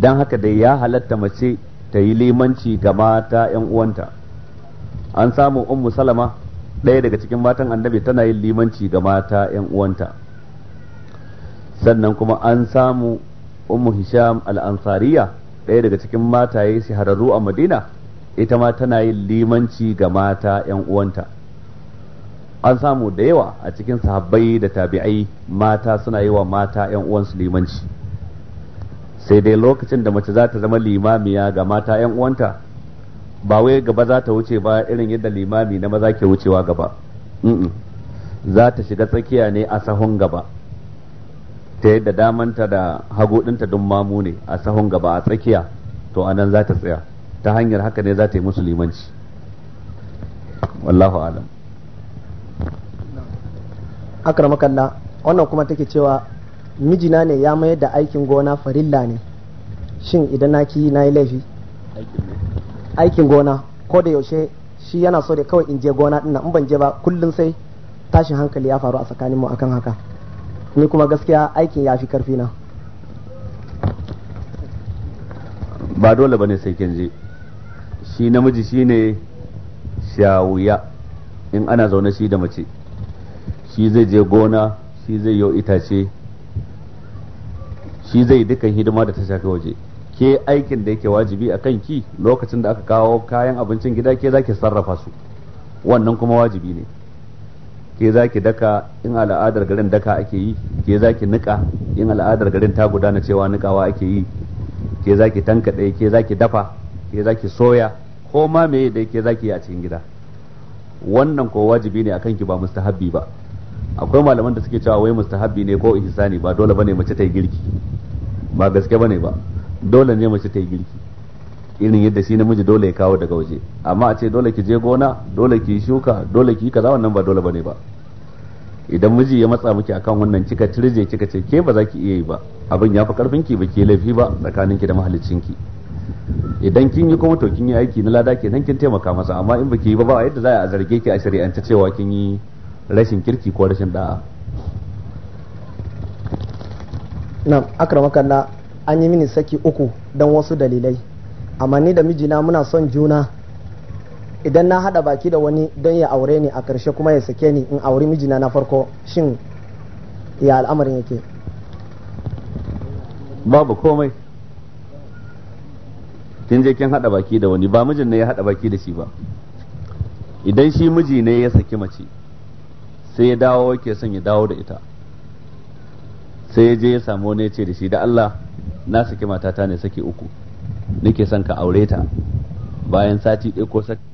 don haka dai ya halatta mace ta yi limanci ga mata 'yan uwanta an samu ummu salama ɗaya daga cikin matan annabi tana yin limanci ga mata 'yan uwanta sannan kuma an samu ummu hisham al'ansariya ɗaya daga cikin mataye shahararru a madina ita ma tana yin limanci ga mata 'yan uwanta an samu da yawa a cikin sahabbai da tabi'ai mata suna yi wa mata 'yan uwansu limanci sai dai lokacin da mace za ta zama limamiya ga mata 'yan uwanta ba wai gaba za ta wuce ba irin yadda limami na maza ke wucewa gaba za ta shiga tsakiya ne a sahun gaba ta yadda damanta da hagudinta don mamu ne a sahun gaba a tsakiya to anan za ta tsaya ta hanyar haka ne za ta yi musu limanci wallahu alam akramaka wannan kuma take cewa mijina ne ya mayar da aikin gona farilla ne shin idan na ki na yi laifi aikin gona ko da yaushe shi yana so da kawai in je gona din in ban je ba kullum sai tashin hankali ya faru a tsakaninmu akan haka ni kuma gaskiya aikin ya fi karfi na ba dole bane sai kin je shi namiji shine shawuya in ana zaune shi da mace shi zai je gona shi zai yi itace shi zai dukan hidima da ta shafi waje ke aikin da yake wajibi a kan ki lokacin da aka kawo kayan abincin gida ke zaki sarrafa su wannan kuma wajibi ne ke zaki daka in al'adar garin daka ake yi ke zaki nika in al'adar garin ta gudana cewa nikawa ake yi ke zaki ɗaya ke zaki dafa ke zaki soya ko ma meye da ke zaki yi a cikin gida wannan ko wajibi ne akan ki ba mustahabbi ba akwai malaman da suke cewa wai mustahabi ne ko ihsani ba dole bane mace ta yi girki ba gaske bane ba dole ne mace ta yi girki irin yadda shi namiji dole ya kawo daga waje amma a ce dole ki je gona dole ki shuka dole ki kaza wannan ba dole bane ba idan miji ya matsa miki akan wannan kika tirje kika ce ke ba za ki iya yi ba abin ya fi karfin ki ba ke laifi ba tsakanin ki da mahallicin ki idan kin yi kuma to kin yi aiki na lada kenan kin taimaka masa amma in baki yi ba ba yadda za a zarge ki a shari'ance cewa kin yi rashin kirki ko rashin da'a Na akara na an yi mini saki uku don wasu dalilai amma ni da mijina muna son juna idan na hada baki da wani don ya aure ni a karshe kuma ya sake ni in auri mijina na farko shin ya al'amarin yake babu komai kin je kin hada baki da wani ba mijin ne ya hada baki da shi ba idan shi miji ne ya saki mace sai ya dawo yake son ya dawo da ita sai ya je ya samu wani ya ce da shi da Allah na saki matata ne saki uku nake son ka aure ta bayan sati ɗaya ko sati